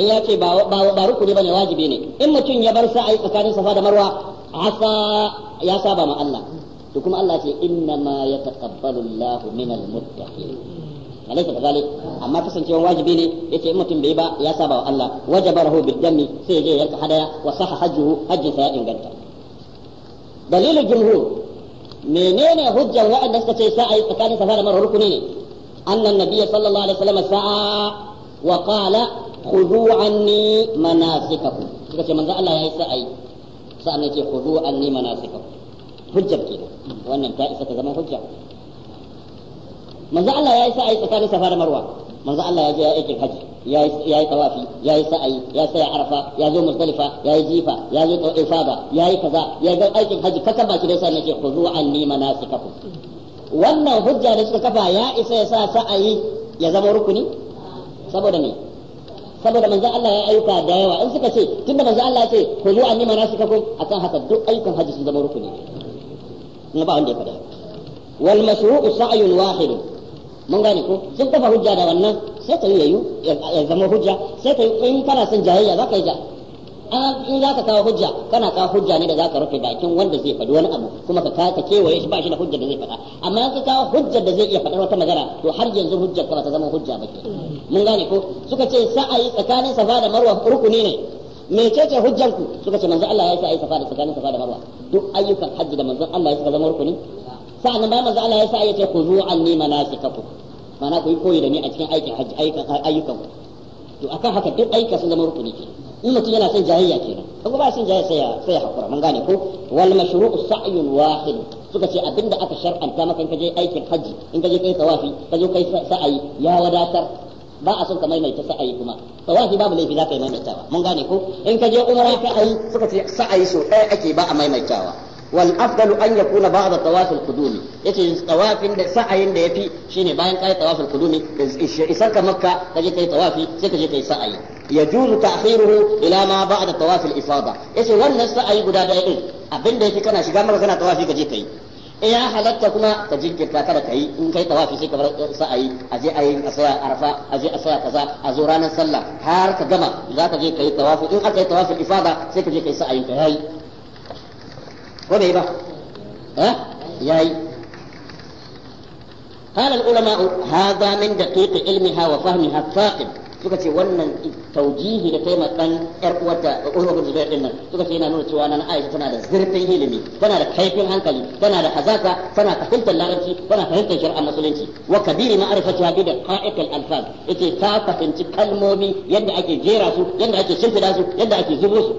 dan ya ce ba ba rukuni bane wajibi ne in mutum ya bar sa'i tsakanin safa da marwa asa ya saba ma Allah to kuma Allah ce inna ma yataqabbalu Allahu minal muttaqin alaysa kadhalik amma kasancewa wajibi ne yace in mutum bai ba ya saba wa Allah wajabarahu biddami sai ya yanka hadaya wa sahha hajjuhu hajjin sa ya inganta dalilul jumhur menene hujjar waɗanda suka ce sa'a tsakanin safa da marwa rukuni ne annan nabiyyi sallallahu alaihi wasallam sa'a wa qala khudhu anni manasikakum suka ce manzo Allah yayi sa'a sa'an yace khudhu anni manasikakum hujjar kenan wannan ta isa ta zama hujja manzo Allah ya yi sa'ayi tsakanin safa da marwa manzo Allah ya je ya aikin haji ya yi tawafi ya yi sa'ayi ya saya arafa ya zo muzdalifa ya yi jifa ya zo ifada ya yi kaza ya ga aikin haji kaka ba shi da sai nake khuzu anni manasikakum wannan hujja da suka kafa ya isa ya sa sa'ayi ya zama rukuni saboda me saboda manzo Allah ya ayyuka da yawa in suka ce tunda manzo Allah ya ce khuzu anni manasikakum akan haka duk aikin haji sun zama rukuni na ba wanda ya faɗa wal masru'u sa'yun wahid mun gane ko sun kafa hujja da wannan sai ta yi ya zama hujja sai ta yi in kana son jayayya za ka yi in za ka kawo hujja kana kawo hujja ne da za ka rufe bakin wanda zai faɗi wani abu kuma ka ka kewaye shi ba shi da hujja da zai faɗa amma in ka kawo hujja da zai iya faɗar wata magana to har yanzu hujjar ka ba ta zama hujja ba ke mun gane ko suka ce sa'ayi tsakanin safa da marwa rukuni ne mecece hujjan ku suka ce manzo Allah ya yi ayi safa da tsakanin safa da marwa duk ayyukan hajji da manzo Allah ya suka zama rukuni sa'annan bayan manzo Allah ya sa ayi ce ku zuwa anni manasikaku mana ku yi koyi da ni a cikin aikin hajji ayyukan ku to akan haka duk ayyuka sun zama rukuni ke in mutum yana son jahiliya kenan kaga ba son jahiliya sai ya sai ya hakura mun gane ko wal mashru'u sa'yun wahid suka ce abinda aka shar'anta maka in ka je aikin hajji in ka je kai tawafi ka je kai sa'ayi ya wadatar ba a son ka maimaita sa'ayi kuma tawafi babu laifi za ka yi maimaitawa mun gane ko in ka je umra ka ayi suka ce sa'ayi so ɗaya ake ba a maimaitawa wal afdalu an yakuna ba'da tawaf al qudum yace tawafin da sa'ayin da yafi shine bayan kai tawaf al qudum isar ka makka ka je kai tawafi sai ka je kai sa'ayi yajuzu ta'khiruhu ila ma ba'da tawaf al ifada yace wannan sa'ayi guda ɗaya din abinda yafi kana shiga maka kana tawafi ka je kai in ya halatta kuma ka jinkirta kada ka yi in kai tawafi sai ka bar sa'ayi a je a yi a tsaya arafa a je a tsaya kaza a zo ranar sallah har ka gama za ka je ka yi tawafi in aka yi tawafi ifada sai ka je ka yi sa'ayin ka yayi ko bai ba eh yayi قال العلماء هذا من دقيق علمها وفهمها الثاقب suka ce wannan taujihi da taimaka dan yar uwarta da bin Zubair din nan suka ce yana nuna cewa nan Aisha tana da zurfin ilimi tana da kaifin hankali tana da hazaka tana fahimtar larabci tana fahimtar shar'an musulunci wa kabiri ma'rifatiha bi da qa'iqal alfaz yace ta fahimci kalmomi yadda ake jera su yadda ake shimfida su yadda ake zubo su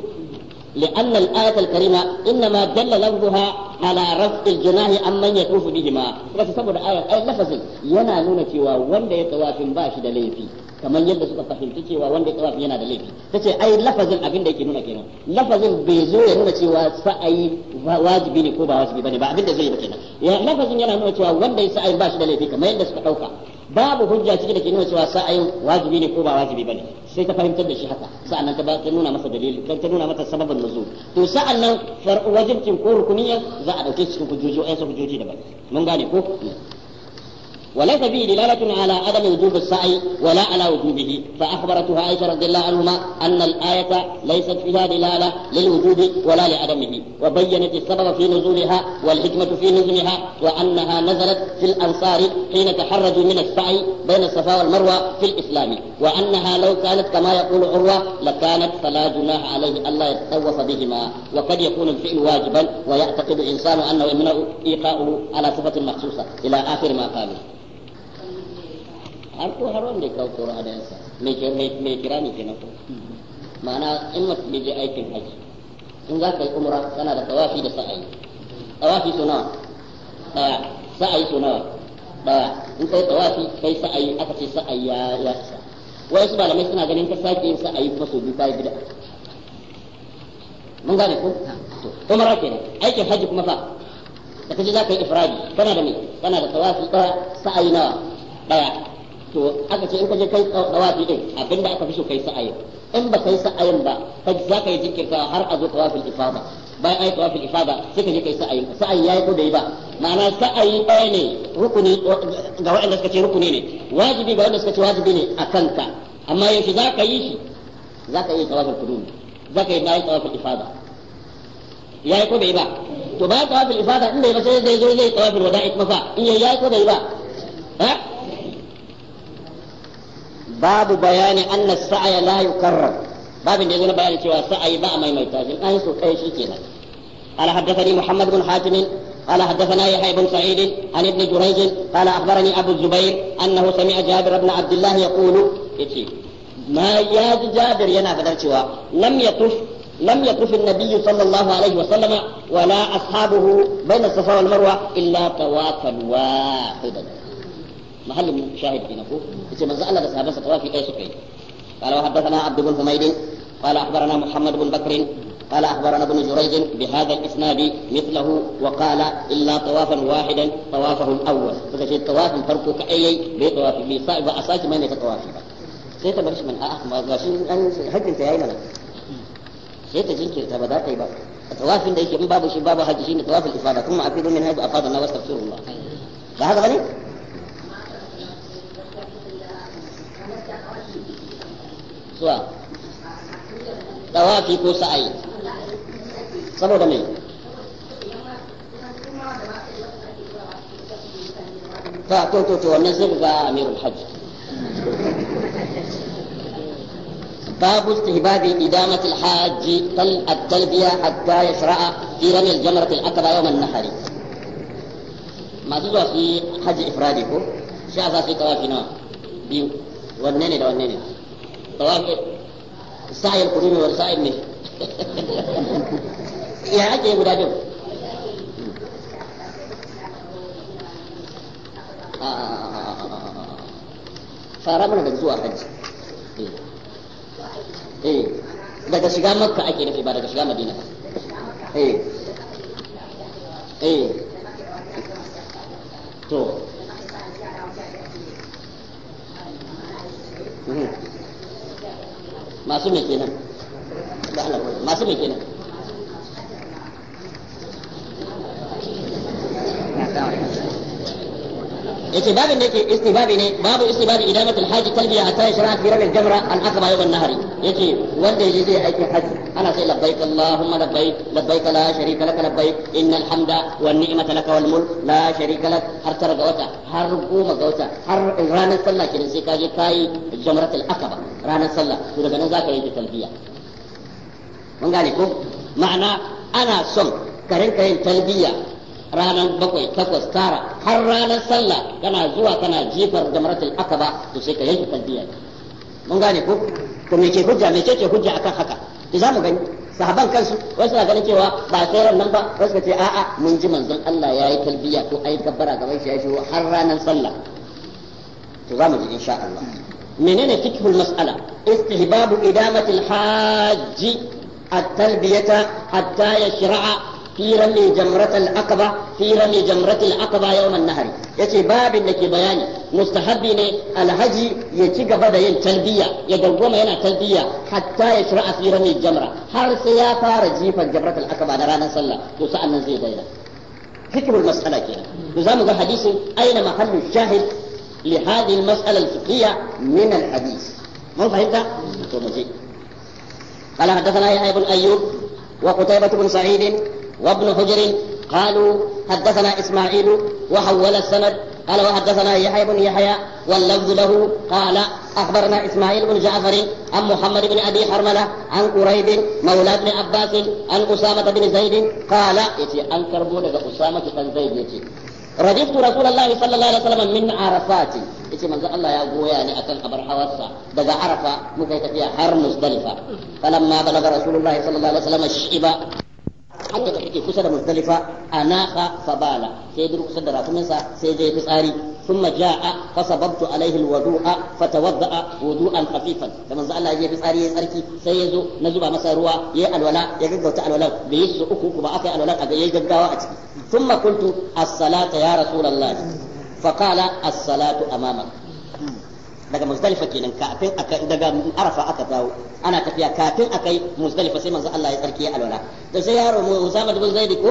لأن الآية الكريمة إنما دل لفظها على رفع الجناح عن من يطوف بهما بس سبب الآية أي لفظ ينا نونا وند يطواف باشد ليفي kamar yadda suka fahimci cewa wanda ya tawaf yana da laifi tace ai lafazin abin da yake nuna kenan lafazin bai zo ya nuna cewa sa'ayi wajibi ne ko ba wajibi bane ba abin da zai yi ba kenan ya lafazin yana nuna cewa wanda ya sa'ayi ba shi da laifi yadda suka dauka babu hujja ciki da ke nuna cewa sa'ayi ne ko ba sai ta fahimtar da shi haka sa'annan ta ta nuna masa dalili ta nuna masa sababin nuzul to sa'annan wajibcin ko rukuniya za a dauke cikin hujjoji ayyuka hujjoji daban mun gane ko وليس فيه دلالة على عدم وجوب السعي ولا على وجوبه فأخبرتها عائشة رضي الله عنهما أن الآية ليست فيها دلالة للوجوب ولا لعدمه وبينت السبب في نزولها والحكمة في نزولها وأنها نزلت في الأنصار حين تحرجوا من السعي بين الصفا والمروة في الإسلام وأنها لو كانت كما يقول عروة لكانت فلا جناح عليه ألا يتطوف بهما وقد يكون الفعل واجبا ويعتقد الإنسان أنه يمنع إيقاؤه على صفة مخصوصة إلى آخر ما قاله an to har wanda ya kawo tsoro a dayansa mai kira ne ke to ma'ana in mutum je aikin haji in za ka yi umra kana da tawafi da sa'ayi tawafi so nawa daya sa'ayi so nawa daya in kai tawafi kai sa'ayi aka ce sa'ayi ya ya isa su malamai suna ganin ka sake yin sa'ayi kuma so biyu yi bid'a mun gane ko to umra kenan aikin haji kuma fa da kaje za ka yi ifradi kana da me kana da tawafi daya sa'ayi nawa daya to aka ce in ka je kai tawafi din da aka fi so kai sa'ayin in ba kai sa'ayin ba ka za ka yi jinkirta har a zo tawafin ifada bayan ayi tawafin ifada sai ka je kai sa'ayin sa'ayi yayi ko bai ba ma'ana sa'ayi ɗaya ne rukuni ga waɗanda suka ce rukuni ne wajibi ga waɗanda suka ce wajibi ne a kanka amma yanzu za ka yi shi za ka yi tawafin kudumi za ka yi bayan tawafin ifada yayi ko bai ba to bayan tawafin ifada in bai ba sai zai zo zai tawafin wada'i kuma fa in yayi ko bai ba ha باب بيان أن السعي لا يكرر باب اللي يقول بيان شوى السعي بقى ما يميتاج الآن سوء أي شيء كذا قال حدثني محمد بن حاتم قال حدثنا يحيى بن سعيد عن ابن جريج قال أخبرني أبو الزبير أنه سمع جابر بن عبد الله يقول ما يا جابر ينا بدل شوى لم يطف لم يطف النبي صلى الله عليه وسلم ولا أصحابه بين الصفا والمروة إلا طوافا واحدا محل من شاهد في نفوه يسمى من بس بس في ايش كي قال وحدثنا عبد بن حميد قال اخبرنا محمد بن بكر قال اخبرنا ابن جريج بهذا الاسناد مثله وقال الا طوافا واحدا طوافه الاول فكشي الطواف الفرق كاي بطواف طواف بي صائب اساس ما ينفع طواف sai ta bar shi mana a'a ma gashi an hajjin ta yayi mana sai ta jinkirta ba za ta yi ba tawafin da yake in babu shi babu hajji shine suwa dawafi ko sa'ayi saboda me ta to to to wannan amirul hajj باب استهباب إدامة الحاج التلبية حتى يشرع في رمي الجمرة العقبة يوم النحر ما تزوى في حج إفرادكم شعفا في طوافنا بيو دا والنيني bayan sa'il kurun wani sa'il ne ya ake guda biyu ah, fara mana da zuwa hajji eh, eh daga shiga makka ake nufi ba daga shiga madina eh, eh. سمعت هنا ما سمعت هنا استباب انك استباب انك باب استباب ادامه الحاج تلبيه حتى يشرع في رمي الجمره عن العقبه يوم النهر يجي ولد يجي اي حج انا سي لبيك اللهم لبيك لبيك لا شريك لك لبيك ان الحمد والنعمه لك والمل لا شريك لك هر ترى غوتا هر قوم غوتا هر الرامي صلى كاي جمره العقبه ranar sallah to daga nan zaka yanke talbiya mun gane ko ma'ana ana son ka rinka yin talbiya ranar bakwai takwas tara har ranar sallah kana zuwa kana jifar da maratul akaba to sai ka yanke talbiya mun gane ko to me ke hujja me ke hujja akan haka to za mu gani sahaban kansu wasu na ganin cewa ba sai nan ba wasu ka ce a'a mun ji manzon Allah ya yi talbiya ko ayi gabbara gaban shi ya shi har ranar sallah to za mu ji insha Allah menene fikhul mas'ala istihbabu idamati al-hajj at-talbiyata hatta yashra'a fi rami jamrat al-aqaba fi rami jamrat al-aqaba yawm an-nahr yace babin da ke bayani mustahabbi ne alhaji ya ci gaba da yin talbiya ya dawwama yana talbiya hatta ya shira fi rami jamra har sai ya fara jifan jamrat al-aqaba da ranar sallah to sa'an nan zai daina hikimul mas'ala kenan to mu ga hadisin aina mahallu shahid لهذه المسألة الفقهية من الحديث ما فهمت؟ قال حدثنا يحيى بن أيوب وقتيبة بن سعيد وابن حجر قالوا حدثنا إسماعيل وحول السند قال وحدثنا يحيى بن يحيى واللفظ له قال أخبرنا إسماعيل بن جعفر عن محمد بن أبي حرملة عن قريب مولى بن عباس عن أسامة بن زيد قال أنكر بودك أسامة بن زيد rajibtu rasulullahi sallallahu alaihi wasallam min arafati yace manzo Allah ya goya ni akan abar hawarsa daga arafa muka yi tafiya har muzdalifa falamma balaga rasulullahi sallallahu alaihi wasallam shiba hatta da kusa da muzdalifa anaqa fabala sai durkusa da rakuminsa sai je fitsari ثم جاء فصببت عليه الوضوء فتوضا وضوءا خفيفا كما زال الله يجي بصاري يسركي سيزو نزبا مسا روا يي الولاء يغغوتا الولاء بيس اكو كما اكاي الولاء اغا يي غغاوا ثم قلت الصلاه يا رسول الله فقال الصلاه امامك daga muzdalifa kenan kafin aka daga arafa aka dawo ana tafiya kafin akai muzdalifa sai manzo Allah ya tsarki ya alwala to sai yaro mu Usama bin Zaid ko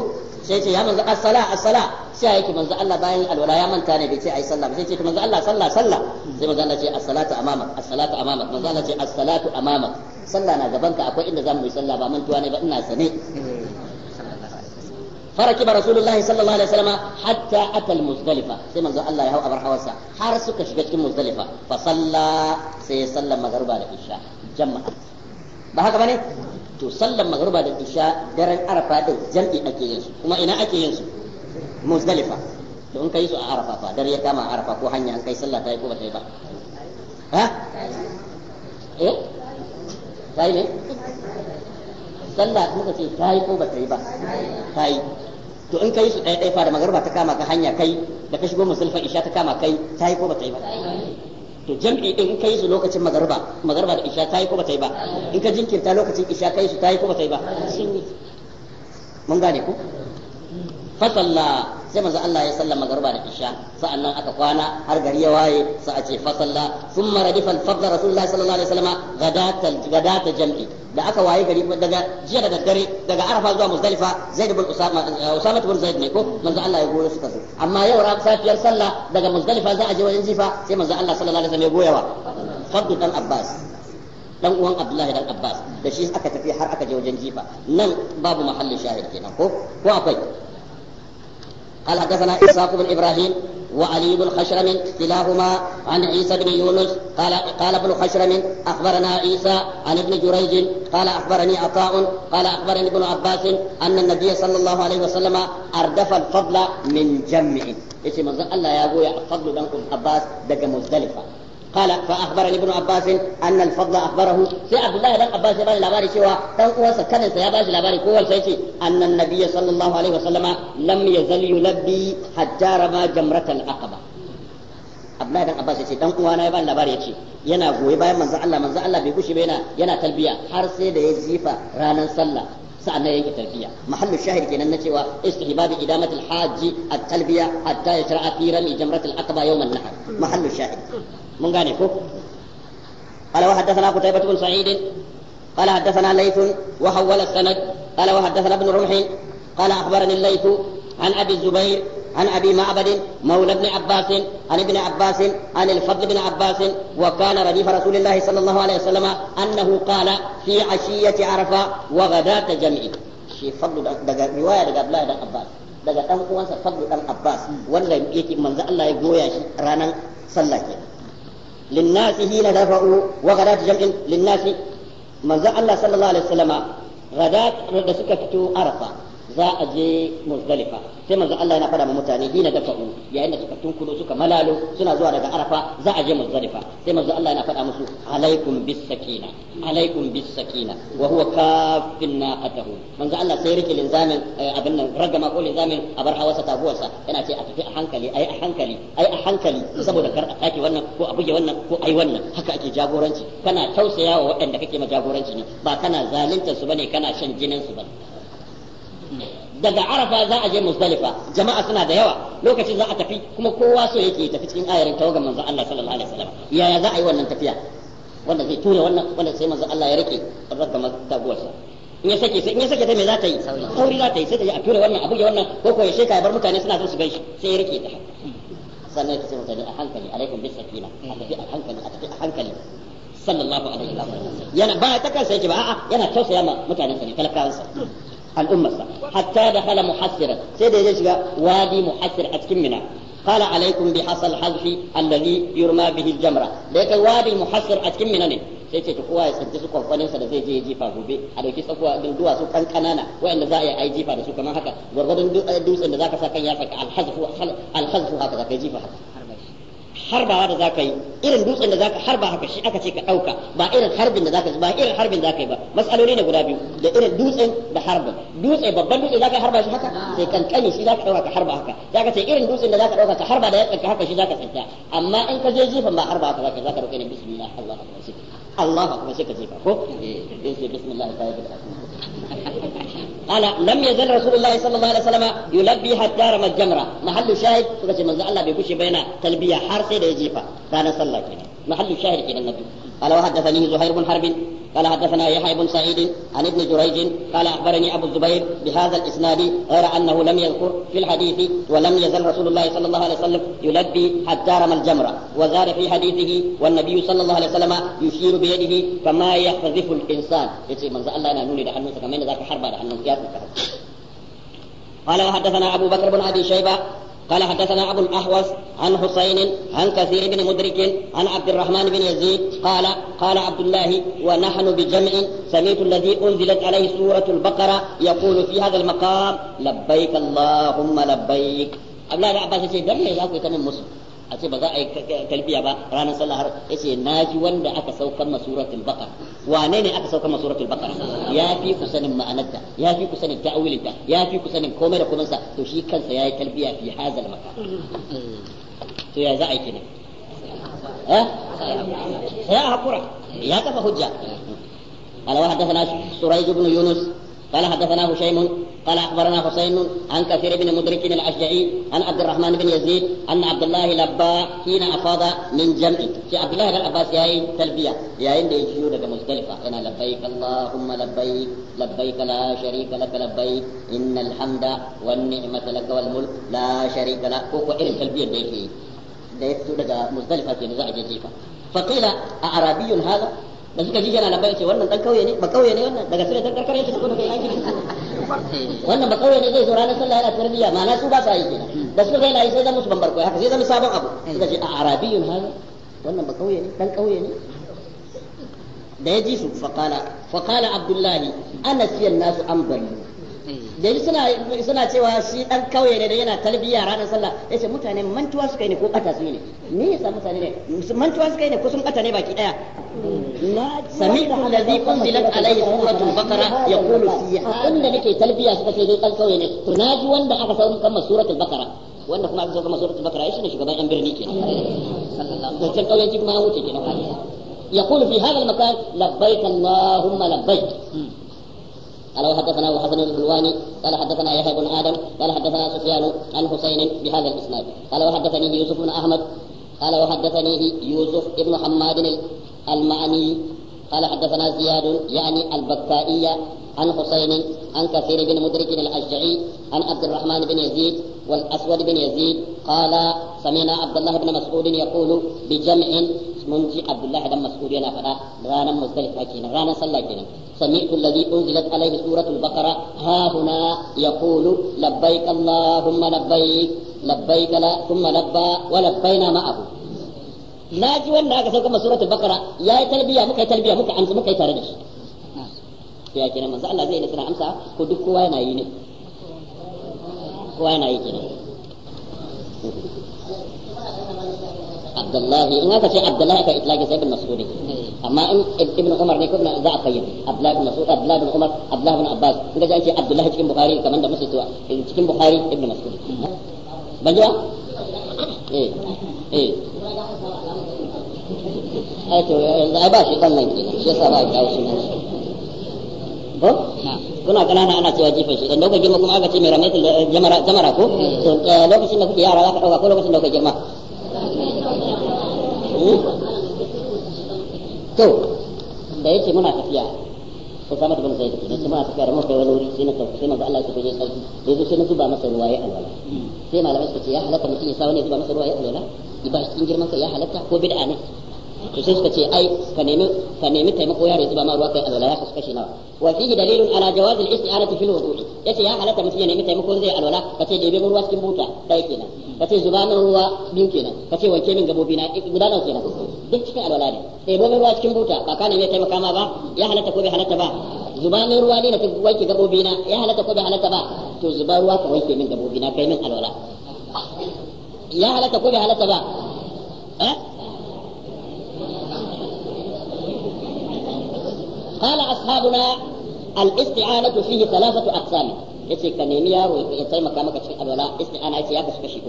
sai ce ya manzo as-sala as-sala sai yake manzo Allah bayan alwala ya manta ne bai ce ai sallah sai ce to manzo Allah sallah sallah sai manzo Allah ce as-salatu amamak as-salatu amamak manzo Allah ce as-salatu amamak sallah na gaban ka akwai inda zamu yi sallah ba mantuwa ne ba ina sane فركب رسول الله صلى الله عليه وسلم حتى أتى المزدلفة سيما زو الله يهو أبر حوسا حارسو كشبت المزدلفة فصلى سيصلى مغربا لإشاء جمع بهاك بني to sallan magruba da isha daren arafa din jam'i ake yin su kuma ina ake yin su muzdalifa to in kai su a arafa fa dare ya kama arafa ko hanya an kai sallah ta yi ko ba ta yi ba ha eh ta yi ne sallah muka ce ta yi ko ba ta yi ba ta yi to in kai su ɗaya ɗaya fa da magruba ta kama ka hanya kai da ka shigo musulfa isha ta kama kai ta yi ko ba ta yi ba to jam'i din kai su lokacin magarba magarba da isha tayi ko ba yi ba in ka jinkirta lokacin isha kai su tayi ko ba yi ba mun gane ku fa salla sai manzo Allah ya sallama magarba da isha sa'annan aka kwana har gari ya waye sa a ce fa salla thumma radifa al-fadl rasulullah sallallahu alaihi wasallam gadata gadata jam'i da aka waye gari daga jiya da daddare daga arafa zuwa muzdalifa zaid bin usama eh, usama bin zaid ne ko manzo Allah ya goye suka zo amma yau ran safiyar sallah daga muzdalifa za a je wajen jifa sai manzo Allah sallallahu alaihi wasallam ya goyawa faddu dan abbas dan uwan abdullahi dan abbas da shi aka tafi har aka je wajen jifa nan babu mahallin shahid kenan ko ko akwai قال حدثنا إسحاق بن إبراهيم وعلي بن خشرم كلاهما عن عيسى بن يونس قال قال ابن خشرم اخبرنا عيسى عن ابن جريج قال اخبرني عطاء قال اخبرني ابن عباس ان النبي صلى الله عليه وسلم اردف الفضل من جمع اسم الله يا ابويا الفضل دنكم عباس دق مزدلفه قال فاخبرني ابن عباس ان الفضل اخبره سي عبد الله بن عباس بن لاباري شيوا دان uwansa kanin sa ya bashi labari ko a ce annan nabiyyi sallallahu alaihi wasallam lam yazal yulabbi hatta rama jamratal aqaba Abdullahi dan Abbas yace dan uwana bani labari yace yana goye bayan manzon Allah manzon Allah bai gushi yana yana talbiya har sai da ya jifa ranar sallah na yanke talbiya mahallu shahid kenan na cewa istihbabi idamati al-hajji at-talbiya hatta yashra'a fi rami jamratil aqaba yawm an من قال قال وحدثنا قتيبة بن سعيد قال حدثنا ليث وحول السند قال وحدثنا ابن رمح قال أخبرني الليث عن أبي الزبير عن أبي معبد مولى ابن عباس عن ابن عباس عن الفضل بن عباس وكان رديف رسول الله صلى الله عليه وسلم أنه قال في عشية عرفة وغداة جمع شي فضل رواية قبل عباس daga dan uwansa fadlu dan abbas wanda yake manzo Allah ya goya shi ranan sallah kenan للناس حين دفعوا وغداة جمع للناس manzon Allah sallallahu alaihi wasallama rada da suka fito arafa za a je muzdalifa sai manzo Allah yana fada ma mutane hina da fa'u yayin da suka tunkudo suka malalo suna zuwa daga arafa za a je muzdalifa sai manzo Allah yana fada musu alaikum bis sakina alaikum bis sakina wa huwa kafin naqatahu manzo Allah sai rike linzamin eh, abin nan ragama ko linzamin a bar hawasa taguwarsa yana ce a tafi a hankali ai a hankali ai a hankali saboda kar a take wannan ko a buge wannan ko ai wannan haka ake jagoranci kana tausaya wa waɗanda kake ma jagoranci ne ba kana zalunta su bane kana shan jinin su bane daga arafa za a je muzdalifa jama'a suna da yawa lokacin za a tafi kuma kowa so yake tafi cikin ayarin tawagan manzon Allah sallallahu alaihi wasallam yaya za a yi wannan tafiya wanda zai tura wannan wanda sai manzon Allah ya rike rabba mataguwarsa in ya sake sai in ya sake ta me za ta yi sauri za ta yi sai ta je a tura wannan abuja wannan ko ko ya sheka ya bar mutane suna so su gaishe sai ya rike ta sannan ya ce mutane a hankali alaikum bis sakina a tafi a hankali a tafi a hankali sallallahu alaihi wasallam yana ba ta kansa yake ba a'a yana tausaya ma mutanen sa ne talakawansa al'ummarsa hatta da hala muhassira sai da ya shiga wadi muhassir a cikin mina bi عليكم بحصى الحذف الذي يرمى به الجمرة ليك الوادي المحصر أتكم من ne sai ce kowa ya tsinci su kwamfaninsa da zai je ya jifa gobe a dauki tsakuwa da duwatsu kan kanana wayanda za a yi ai jifa da su kamar haka gwargwadon dutsen da zaka sa kan ya saka alhazfu alhazfu haka zaka jifa haka harbawa da zaka yi irin dutsen da zaka harba haka shi aka ce ka dauka ba irin harbin da zaka ba irin harbin zaka yi ba masaloli ne guda biyu da irin dutsen da harbin dutse babban dutse zaka harba shi haka sai kankani shi zaka dauka ka harba haka zaka ce irin dutsen da zaka dauka ka harba da yatsan ka haka shi zaka tsinta amma in ka je jifan ba harba haka zaka zaka dauke ne bismillah Allahu akbar sai Allahu akbar ka jifa ko eh sai bismillah sai ka قال لم يزل رسول الله صلى الله عليه وسلم يلبي حتى رمى الجمره محل الشاهد سوره من الله بيكوشي بين تلبيه حرسي ده يجيفا كان صلى كده محل الشاهد كده النبي قال وحدثني زهير بن حرب قال حدثنا يحيى بن سعيد عن ابن جريج قال اخبرني ابو الزبير بهذا الاسناد غير انه لم يذكر في الحديث ولم يزل رسول الله صلى الله عليه وسلم يلبي حتى رمى الجمره وزار في حديثه والنبي صلى الله عليه وسلم يشير بيده فما يقذف الانسان من الله انا نوني كمان ذاك حربه قال وحدثنا ابو بكر بن ابي شيبه قال حدثنا أبو الأحوص عن حسين عن كثير بن مدرك عن عبد الرحمن بن يزيد قال قال عبد الله ونحن بجمع سمعت الذي أنزلت عليه سورة البقرة يقول في هذا المقام لبيك اللهم لبيك عبد الله عباس يقول لك يا مسلم a ce ba za a yi talbiya ba ranar sallah har yace naji wanda aka saukar masuratul baqara wane ne aka saukar masuratul baqara ya fi ku sanin ma'anarta ya fi ku sanin ta'awilinta ya fi ku sanin komai da komai sa to shi kansa yayi talbiya fi hazal maka to ya za a yi kenan eh ya hakura ya kafa hujja قال hadathana سريج ibn yunus qala hadathana hushaym قال اخبرنا حسين عن كثير بن مدرك الاشجعي عن عبد الرحمن بن يزيد ان عبد الله الابا حين افاض من جمع في عبد الله بن عباس ياي تلبيه يا عندي يجيو مختلفه انا لبيك اللهم لبيك لبيك لا شريك لك لبيك ان الحمد والنعمه لك والملك لا شريك لك كوكو ايه تلبيه اللي yake da مختلفه في نزاع جزيفه فقيل اعرابي هذا da suka ji yana labbai ce wannan dan kauye ne ba kauye ne wannan daga sura dan karkare yake tukuna kai aiki wannan ba kauye ne zai zo ranar sallah yana tarbiyya ma'ana su ba sa yi kenan da suka ga yana yi sai zama su bambar koyi haka sai zama sabon abu suka ce a arabiyun hada wannan ba kauye ne dan kauye ne da ya ji su faqala faqala abdullahi ana siyan nasu an bari da suna suna cewa shi dan kauye ne da yana talbiya ranar sallah ce mutane mantuwa suka yi ne ko bata su ne ya yasa mutane ne mantuwa suka yi ne ko sun bata ne baki daya sami'tu alladhi unzilat alayhi bakara ya kulu siya inda nake talbiya suka ce dai dan kauye ne to ji wanda aka saurin kan suratul bakara wanda kuma aka saurin kan suratul ya shi ne shugaban yan birni kenan da can kauyen kuma ya wuce kenan yaqulu fi hadha al labbaik allahumma labbaik قال وحدثنا ابو حسن الحلواني قال حدثنا يحيى بن ادم قال حدثنا سفيان عن حسين بهذا الاسناد قال وحدثني يوسف بن احمد قال وحدثني يوسف بن حماد المعني قال حدثنا زياد يعني البكائية عن حسين عن كثير بن مدرك الأشجعي عن عبد الرحمن بن يزيد والأسود بن يزيد قال سمعنا عبد الله بن مسعود يقول بجمع mun ji Abdullahi dan Mas'ud yana faɗa ranar Muzdalifa kenan ranar sallah kenan sami'tu alladhi unzilat alayhi suratul baqara ha huna yaqulu labbaik allahumma labbaik labbaik la thumma labba wa labbaina ma'ahu na ji wanda aka sauka masa suratul baqara yayi talbiya muka yi talbiya muka amsa muka yi tare da shi ya kenan manzo Allah zai yi suna amsa ko duk kowa yana yi ne kowa yana yi kenan abdullahi in haka ce abdullahi ka sai amma in ibn umar ne ko za a fayyade abdullahi mas'ud abdullahi umar abdullahi abbas ce abdullahi cikin bukhari da eh, cikin bukhari ibn mas'ud ban ji ba eh eh ai to eh, ba shi dan nan shi ba kuna kanana ana cewa jifa shi dan lokacin kuma aka ce mai ramai eh, jamara jamara ko to lokacin da kuke yara za ka dauka ko lokacin da kuke girma to da yace muna tafiya ko sama da sai da yace muna tafiya da mu kai wani wuri sai na tafi sai manzo Allah ya tafi sarki da yazo sai na zuba masa ruwa ya alwala sai malamai suka ce ya halatta mutum ya sa wani zuba masa ruwa ya alwala ba shi cikin girman sa ya halatta ko bid'a ne to sai suka ce ai ka nemi ka nemi taimako yaro ya zuba ma ruwa kai alwala ya kasu kashi nawa wa fihi dalilun ala jawaz al-isti'anati fil wudu'i ya ce ya halatta mutum ya nemi taimako zai alwala ka ce da ruwa cikin buta dai kenan ce zuba min ruwa biyu kenan ce wanke min gabobi na eh, guda nawa kenan duk cikin alwala ne sai min ruwa cikin buta ba ka nemi taimaka ma ba ya halatta ko bai halatta ba zuba min ruwa ne na wanke gabobi na ya halatta ko bai halatta ba to zuba ruwa ka wanke min gabobi na kai min alwala ya halatta ko bai halatta ba قال eh? أصحابنا الاستعانة فيه ثلاثة أقسام يسي ka ويسي yaro ya taimaka استعانة cikin alwala isti'ana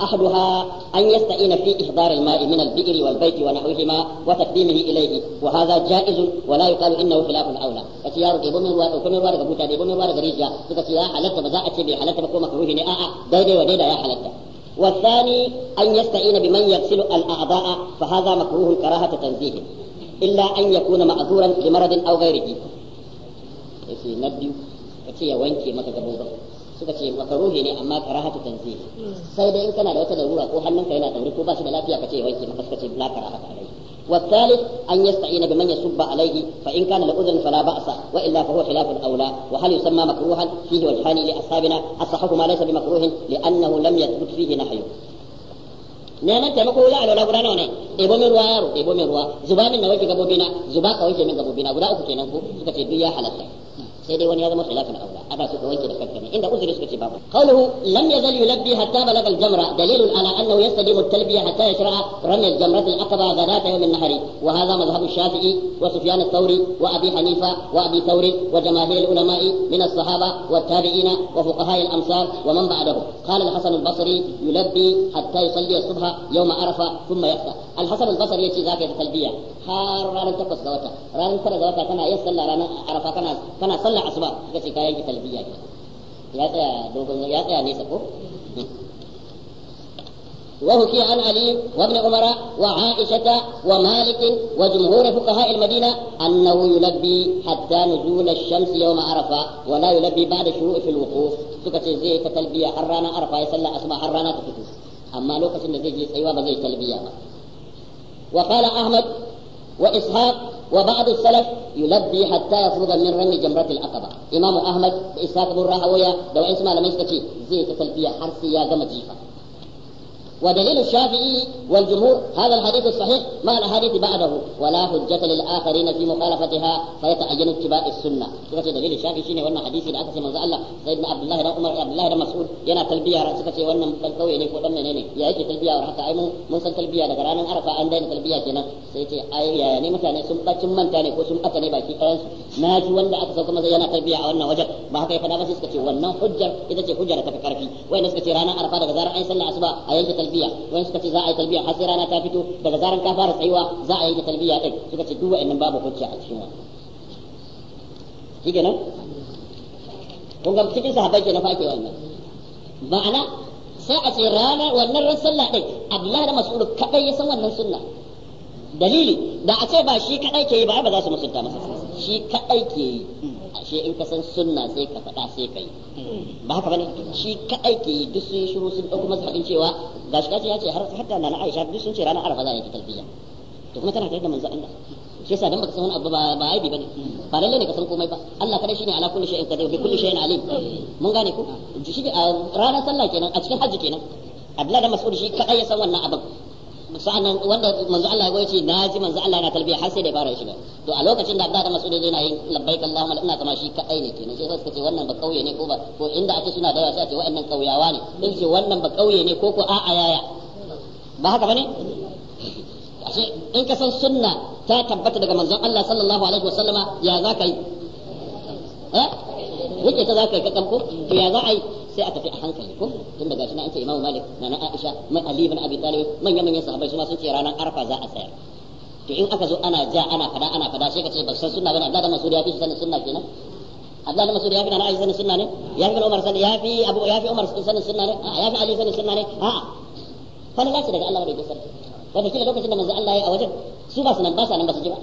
أحدها أن يستعين في إحضار الماء من البئر والبيت ونحوهما وتقديمه إليه وهذا جائز ولا يقال إنه خلاف الأولى فسيارة يبو من وارد وكل من وارد أبوتا يبو من وارد ريجا فسيا حلت بزاعة بي حلت بكو مكروه نئاء ديدي وديدا يا حلت والثاني أن يستعين بمن يغسل الأعضاء فهذا مكروه كراهة تنزيه إلا أن يكون معذورا لمرض أو غيره suka ce na biyu ka ce ya wanke maka gabobin suka ce makaruhi ne amma karahatu zai sai dai in kana da wata larura ko hannunka yana tauri ko ba shi da lafiya ka ce ya wanke maka suka ce la karahata alaihi والثالث أن wa بمن يسب عليه فإن كان لأذن فلا بأس وإلا فهو خلاف الأولى وهل يسمى مكروها فيه وجهان لأصحابنا الصحف ما ليس بمكروه لأنه لم يثبت فيه نحيه neman taimako wuri a lola guda nawa ne ebo min ruwa yaro ebo min ruwa zuba min na wake gabobina zuba ka wake min gabobina guda uku kenan ko suka ce duk ya halatta sai dai wani ya zama khilafin aula ابا سفيان كده فكرني عند اذن يسكت باب قوله لم يزل يلبي حتى بلغ الجمره دليل على انه يستلم التلبيه حتى يشرع رمي الجمره العقبه غداة يوم النهر وهذا مذهب الشافعي وسفيان الثوري وابي حنيفه وابي ثور وجماهير العلماء من الصحابه والتابعين وفقهاء الامصار ومن بعدهم قال الحسن البصري يلبي حتى يصلي الصبح يوم عرفه ثم يقطع الحسن البصري يجي ذاك التلبيه حار رانا تقص ga رانا ranar tara كان يصلى رانا عرفه كان ranar arafa kana يجي salbiya وحكي عن علي وابن عمر وعائشة ومالك وجمهور فقهاء المدينة أنه يلبي حتى نزول الشمس يوم عرفة ولا يلبي بعد شروع في الوقوف سكة زي تلبية حرانا عرفة يصلى أصبح حرانا تفتو أما لوكس النزيج أيوة بزي تلبية وقال أحمد وإسحاق وبعض السلف يلبي حتى يفرض من رمي جمرة العقبة إمام أحمد إسحاق بن راهوية دو اسمه لم يستكي زي تسلبية حرسية جمجيفة ودليل الشافعي والجمهور هذا الحديث الصحيح مع الأحاديث بعده ولا حجة للآخرين في مخالفتها فيتعين اتباع السنة كذا دليل الشافعي شيني وانا حديثي da aka ce manzo shine sayyidina Abdullahi da Umar Abdullahi da Mas'ud yana talbiya suka ce wannan kauye ne ko dan menene ya yake talbiya war haka ai mun mun san talbiya daga ranar Arafa an daina talbiya kenan sai ce ai yaya ne mutane sun bacin manta ne ko sun aka ne baki ɗayan su na ji wanda aka sauka masa yana talbiya a wannan wajen ba haka ya fada ba sai suka ce wannan hujjar ita ce hujjar ta karfi na suka ce ranar Arafa daga zarar asuba a yanke talbiya talbiya wani suka ce za a yi talbiya har sai rana ta fito daga zaran ka fara tsayuwa za a yi talbiya din suka ce duk wa'annan babu hujja a cikin wannan nan? kun ga cikin sahabbai kenan fa ake wannan ma'ana sai a ce rana wannan ran sallah din Abdullahi da Mas'ud kadai ya san wannan sunna dalili da a ce ba shi kadai ke yi ba ba za su musulta masa shi kadai ke yi ashe in ka san sunna sai ka faɗa sai ka yi ba haka bane shi ka ke duk sun yi shiru sun ɗauki mazhabin cewa gashi shi kace ya ce har hatta na Aisha duk sun ce ranar Arafa za a yi talbiya to kuma tana tare da manzo Allah shi yasa dan baka san wani abu ba ba aibi bane ba lalle ne ka san komai ba Allah kada shine ala kulli shay'in qadir bi kulli shay'in alim mun gane ku shi ranar sallah kenan a cikin hajji kenan Abdullahi da Mas'ud shi kaɗai ya san wannan abin sa'annan wanda manzo Allah ya ce na ji manzo Allah yana talbiya har sai da fara ne to a lokacin da Abdullahi da Mas'ud yana yin labbaik Allahumma ina kama shi kadai ne kenan sai suka ce wannan ba kauye ne ko ba ko inda ake suna da yawa sai ce wa'annan kauyawa ne sai ce wannan ba kauye ne ko ko a'a yaya ba haka bane <laughs> ashe in ka san sunna ta tabbata daga manzon Allah sallallahu alaihi wasallama ya za ka yi eh wuce ta za ka yi ka ko to ya za a yi sai a tafi a hankali ko tun daga shi na an ce Imam malik na na aisha mai ali ibn abi talib manyan manyan sahabbai su ma sun ce ranar arfa za a tsaya to in aka zo ana ja ana fada ana fada sai ka ce ba sunna bane Abdullahi Mas'ud ya fi sanin sunna kenan Abdullahi Mas'ud ya fi na Aisha sanin sunna ne ya fi Umar sanin ya fi Abu ya fi Umar sanin sunna ne a ya fi Ali sanin sunna ne a fa ne gashi daga Allah bai da sarki wata kila lokacin da manzo Allah ya a wajen su ba su nan ba sa nan ba su ji ba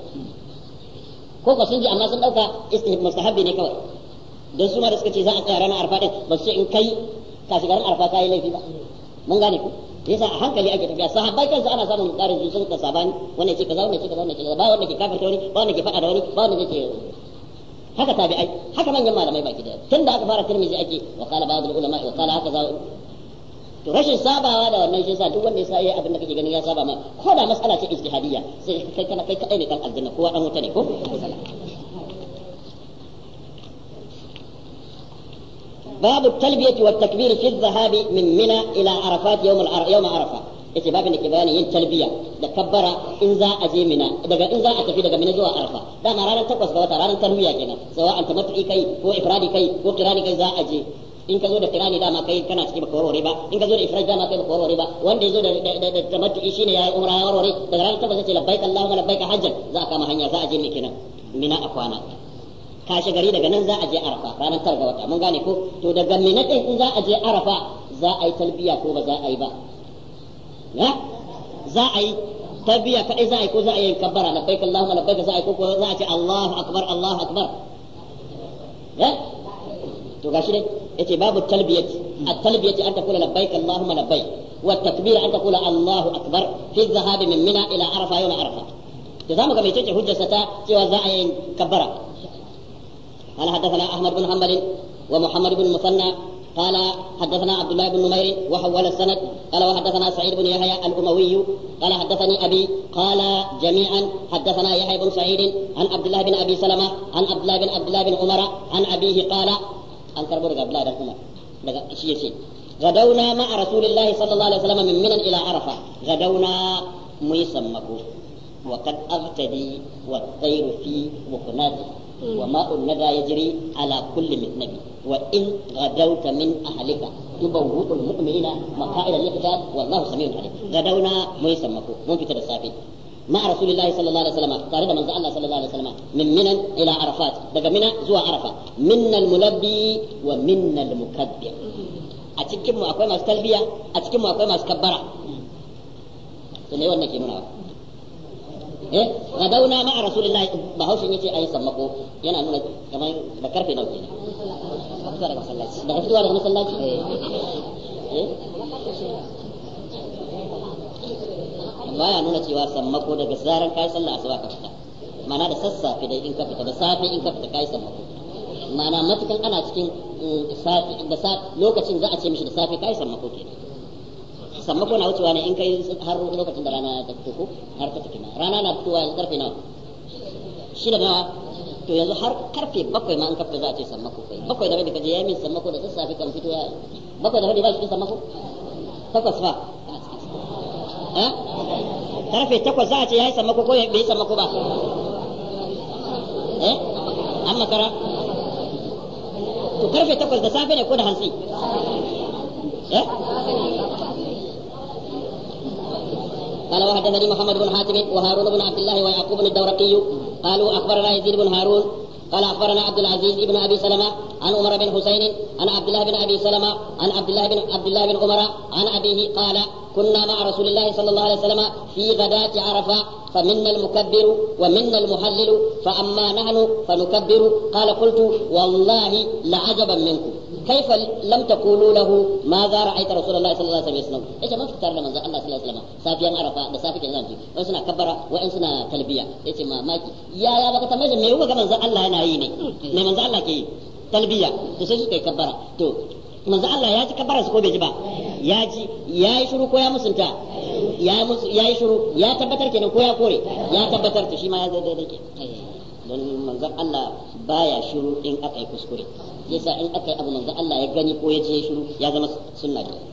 ko ko sun ji amma sun dauka istihab mustahabi ne kawai don su ma da suka ce za a tsaya ranar arfa din ba su ce in kai kashi ranar arfa kai laifi ba mun gane ku yasa a hankali ake tafiya sahabbai kansu ana samun karin su sun kasa bani wanda ce kaza wannan ce kaza wannan ce kaza ba wanda ke ta wani ba wanda ke fada da wani ba wanda ke haka tabi'ai haka manyan malamai baki da tun da aka fara tirmizi ake wa ba ba'd ulama wa kala haka za to rashin sabawa da wannan shi sa duk wanda sa yayi abin da kake ganin ya saba ma ko da mas'ala ce ijtihadiyya sai kai kana kai kai ne kan aljanna kowa dan wuta ne ko باب التلبية والتكبير في الذهاب من منى إلى عرفات يوم العر... يوم عرفة yace babin da ke bayani yin talbiya da kabbara in za a je mina daga in za a tafi daga mina zuwa arfa dama ranar takwas ga wata ranar tarwiya kenan sawa an tamattu kai ko ifradi kai ko kirani kai za a je in ka zo da kirani dama kai kana ciki baka warware ba in ka zo da ifrad dama kai baka warware ba wanda ya zo da tamattu shine yayi umra ya warware daga ranar takwas sai labbaik allahumma labbaik za a kama hanya za a je mina a kwana kashe gari daga nan za a je arafa ranar tara ga wata mun gane ko to daga minat ɗin in za a je arafa za a yi talbiya ko ba za a yi ba za a yi talbiya kaɗai za a yi ko za a yi kabbara labbaik allahumma labbaik za a yi ko za a ce allahu akbar allahu akbar to gashi dai yace babu talbiyati at-talbiyati an taqula Allah na bai wa takbira an an kula allahu akbar fi zahabi dhahab min mina ila arafa yau na arafa to zamu ga mecece hujjarsa ta cewa za a yi kabbara قال حدثنا احمد بن حنبل ومحمد بن المثنى قال حدثنا عبد الله بن نمير وحول السند قال وحدثنا سعيد بن يحيى الاموي قال حدثني ابي قال جميعا حدثنا يحيى بن سعيد عن عبد الله بن ابي سلمه عن عبد الله بن عبد الله بن عمر عن ابيه قال عن كربون عبد الله بن عمر غدونا مع رسول الله صلى الله عليه وسلم من منى الى عرفه غدونا ميسمكو وقد اغتدي والطير في بقناته wa ma'un nada yajri ala kulli mitnabi wa in gadauta min ahlika tubawwi'ul mu'minina maqa'ida lil-qital wallahu samiun alim gadauna mun sammako mun fita da safe مع رسول الله صلى الله عليه وسلم قال من الله صلى الله عليه وسلم من منى الى عرفات دغ منى زوا عرفه منا الملبي ومنا المكبر a cikin mu akwai masu talbiya a mu akwai masu kabbara ke ma a رسول ba haushin يجي ayi sammako yana nuna kamar da karfe dauke ne daga masallaci daga fitowa daga masallaci eh. Eh? baya nuna cewa sammako daga zaran kai sallah asuba ka fita mana da sassafe dai in ka fita da safe in ka fita kai sammako mana matukan ana cikin mm, da lokacin za a ce mishi da safe kai sammako kenan ko na wucewa ne in kai har lokacin da rana ta fito ko har ta fito rana na fitowa yanzu karfe nawa shida ba to yanzu har karfe bakwai ma in ka za a ce sama ko bakwai da rabi ka je ya min ko da sassafe kan fito ya bakwai da rabi ba shi ko takwas ba eh? karfe takwas za a ce ya yi sama ko bai ko ba eh an makara to karfe takwas da safe ne ko da hansi eh قال وحدثني محمد بن حاتم وهارون بن عبد الله ويعقوب بن الدورقي قالوا اخبرنا يزيد بن هارون قال اخبرنا عبد العزيز بن ابي سلمه عن عمر بن حسين عن عبد الله بن ابي سلمه عن عبد الله بن عبد الله بن عمر عن ابيه قال كنا مع رسول الله صلى الله عليه وسلم في غداة عرفه فمنا المكبر ومنا المحلل فاما نحن فنكبر قال قلت والله لعجبا منكم kaifa lam takulu lahu ma za ra'aita rasulullahi sallallahu alaihi wasallam yace mun fitar da manzon Allah sallallahu alaihi wasallam safiyan arafa da safi kenan ji wai suna kabbara wai suna talbiya ya ya baka tambaye me yau ga manzon Allah yana yi ne me manzon Allah ke yi talbiya to sai kabbara to Allah ya ci kabarar ko bai ji ba ya yi shiru ko musunta ya tabbatar kenan ko kore ya tabbatar to shi ya zai daidai don manzon Allah baya shiru in aka yi kuskure yasa in aka yi abu manzan Allah ya gani ko ya je shiru ya zama sunna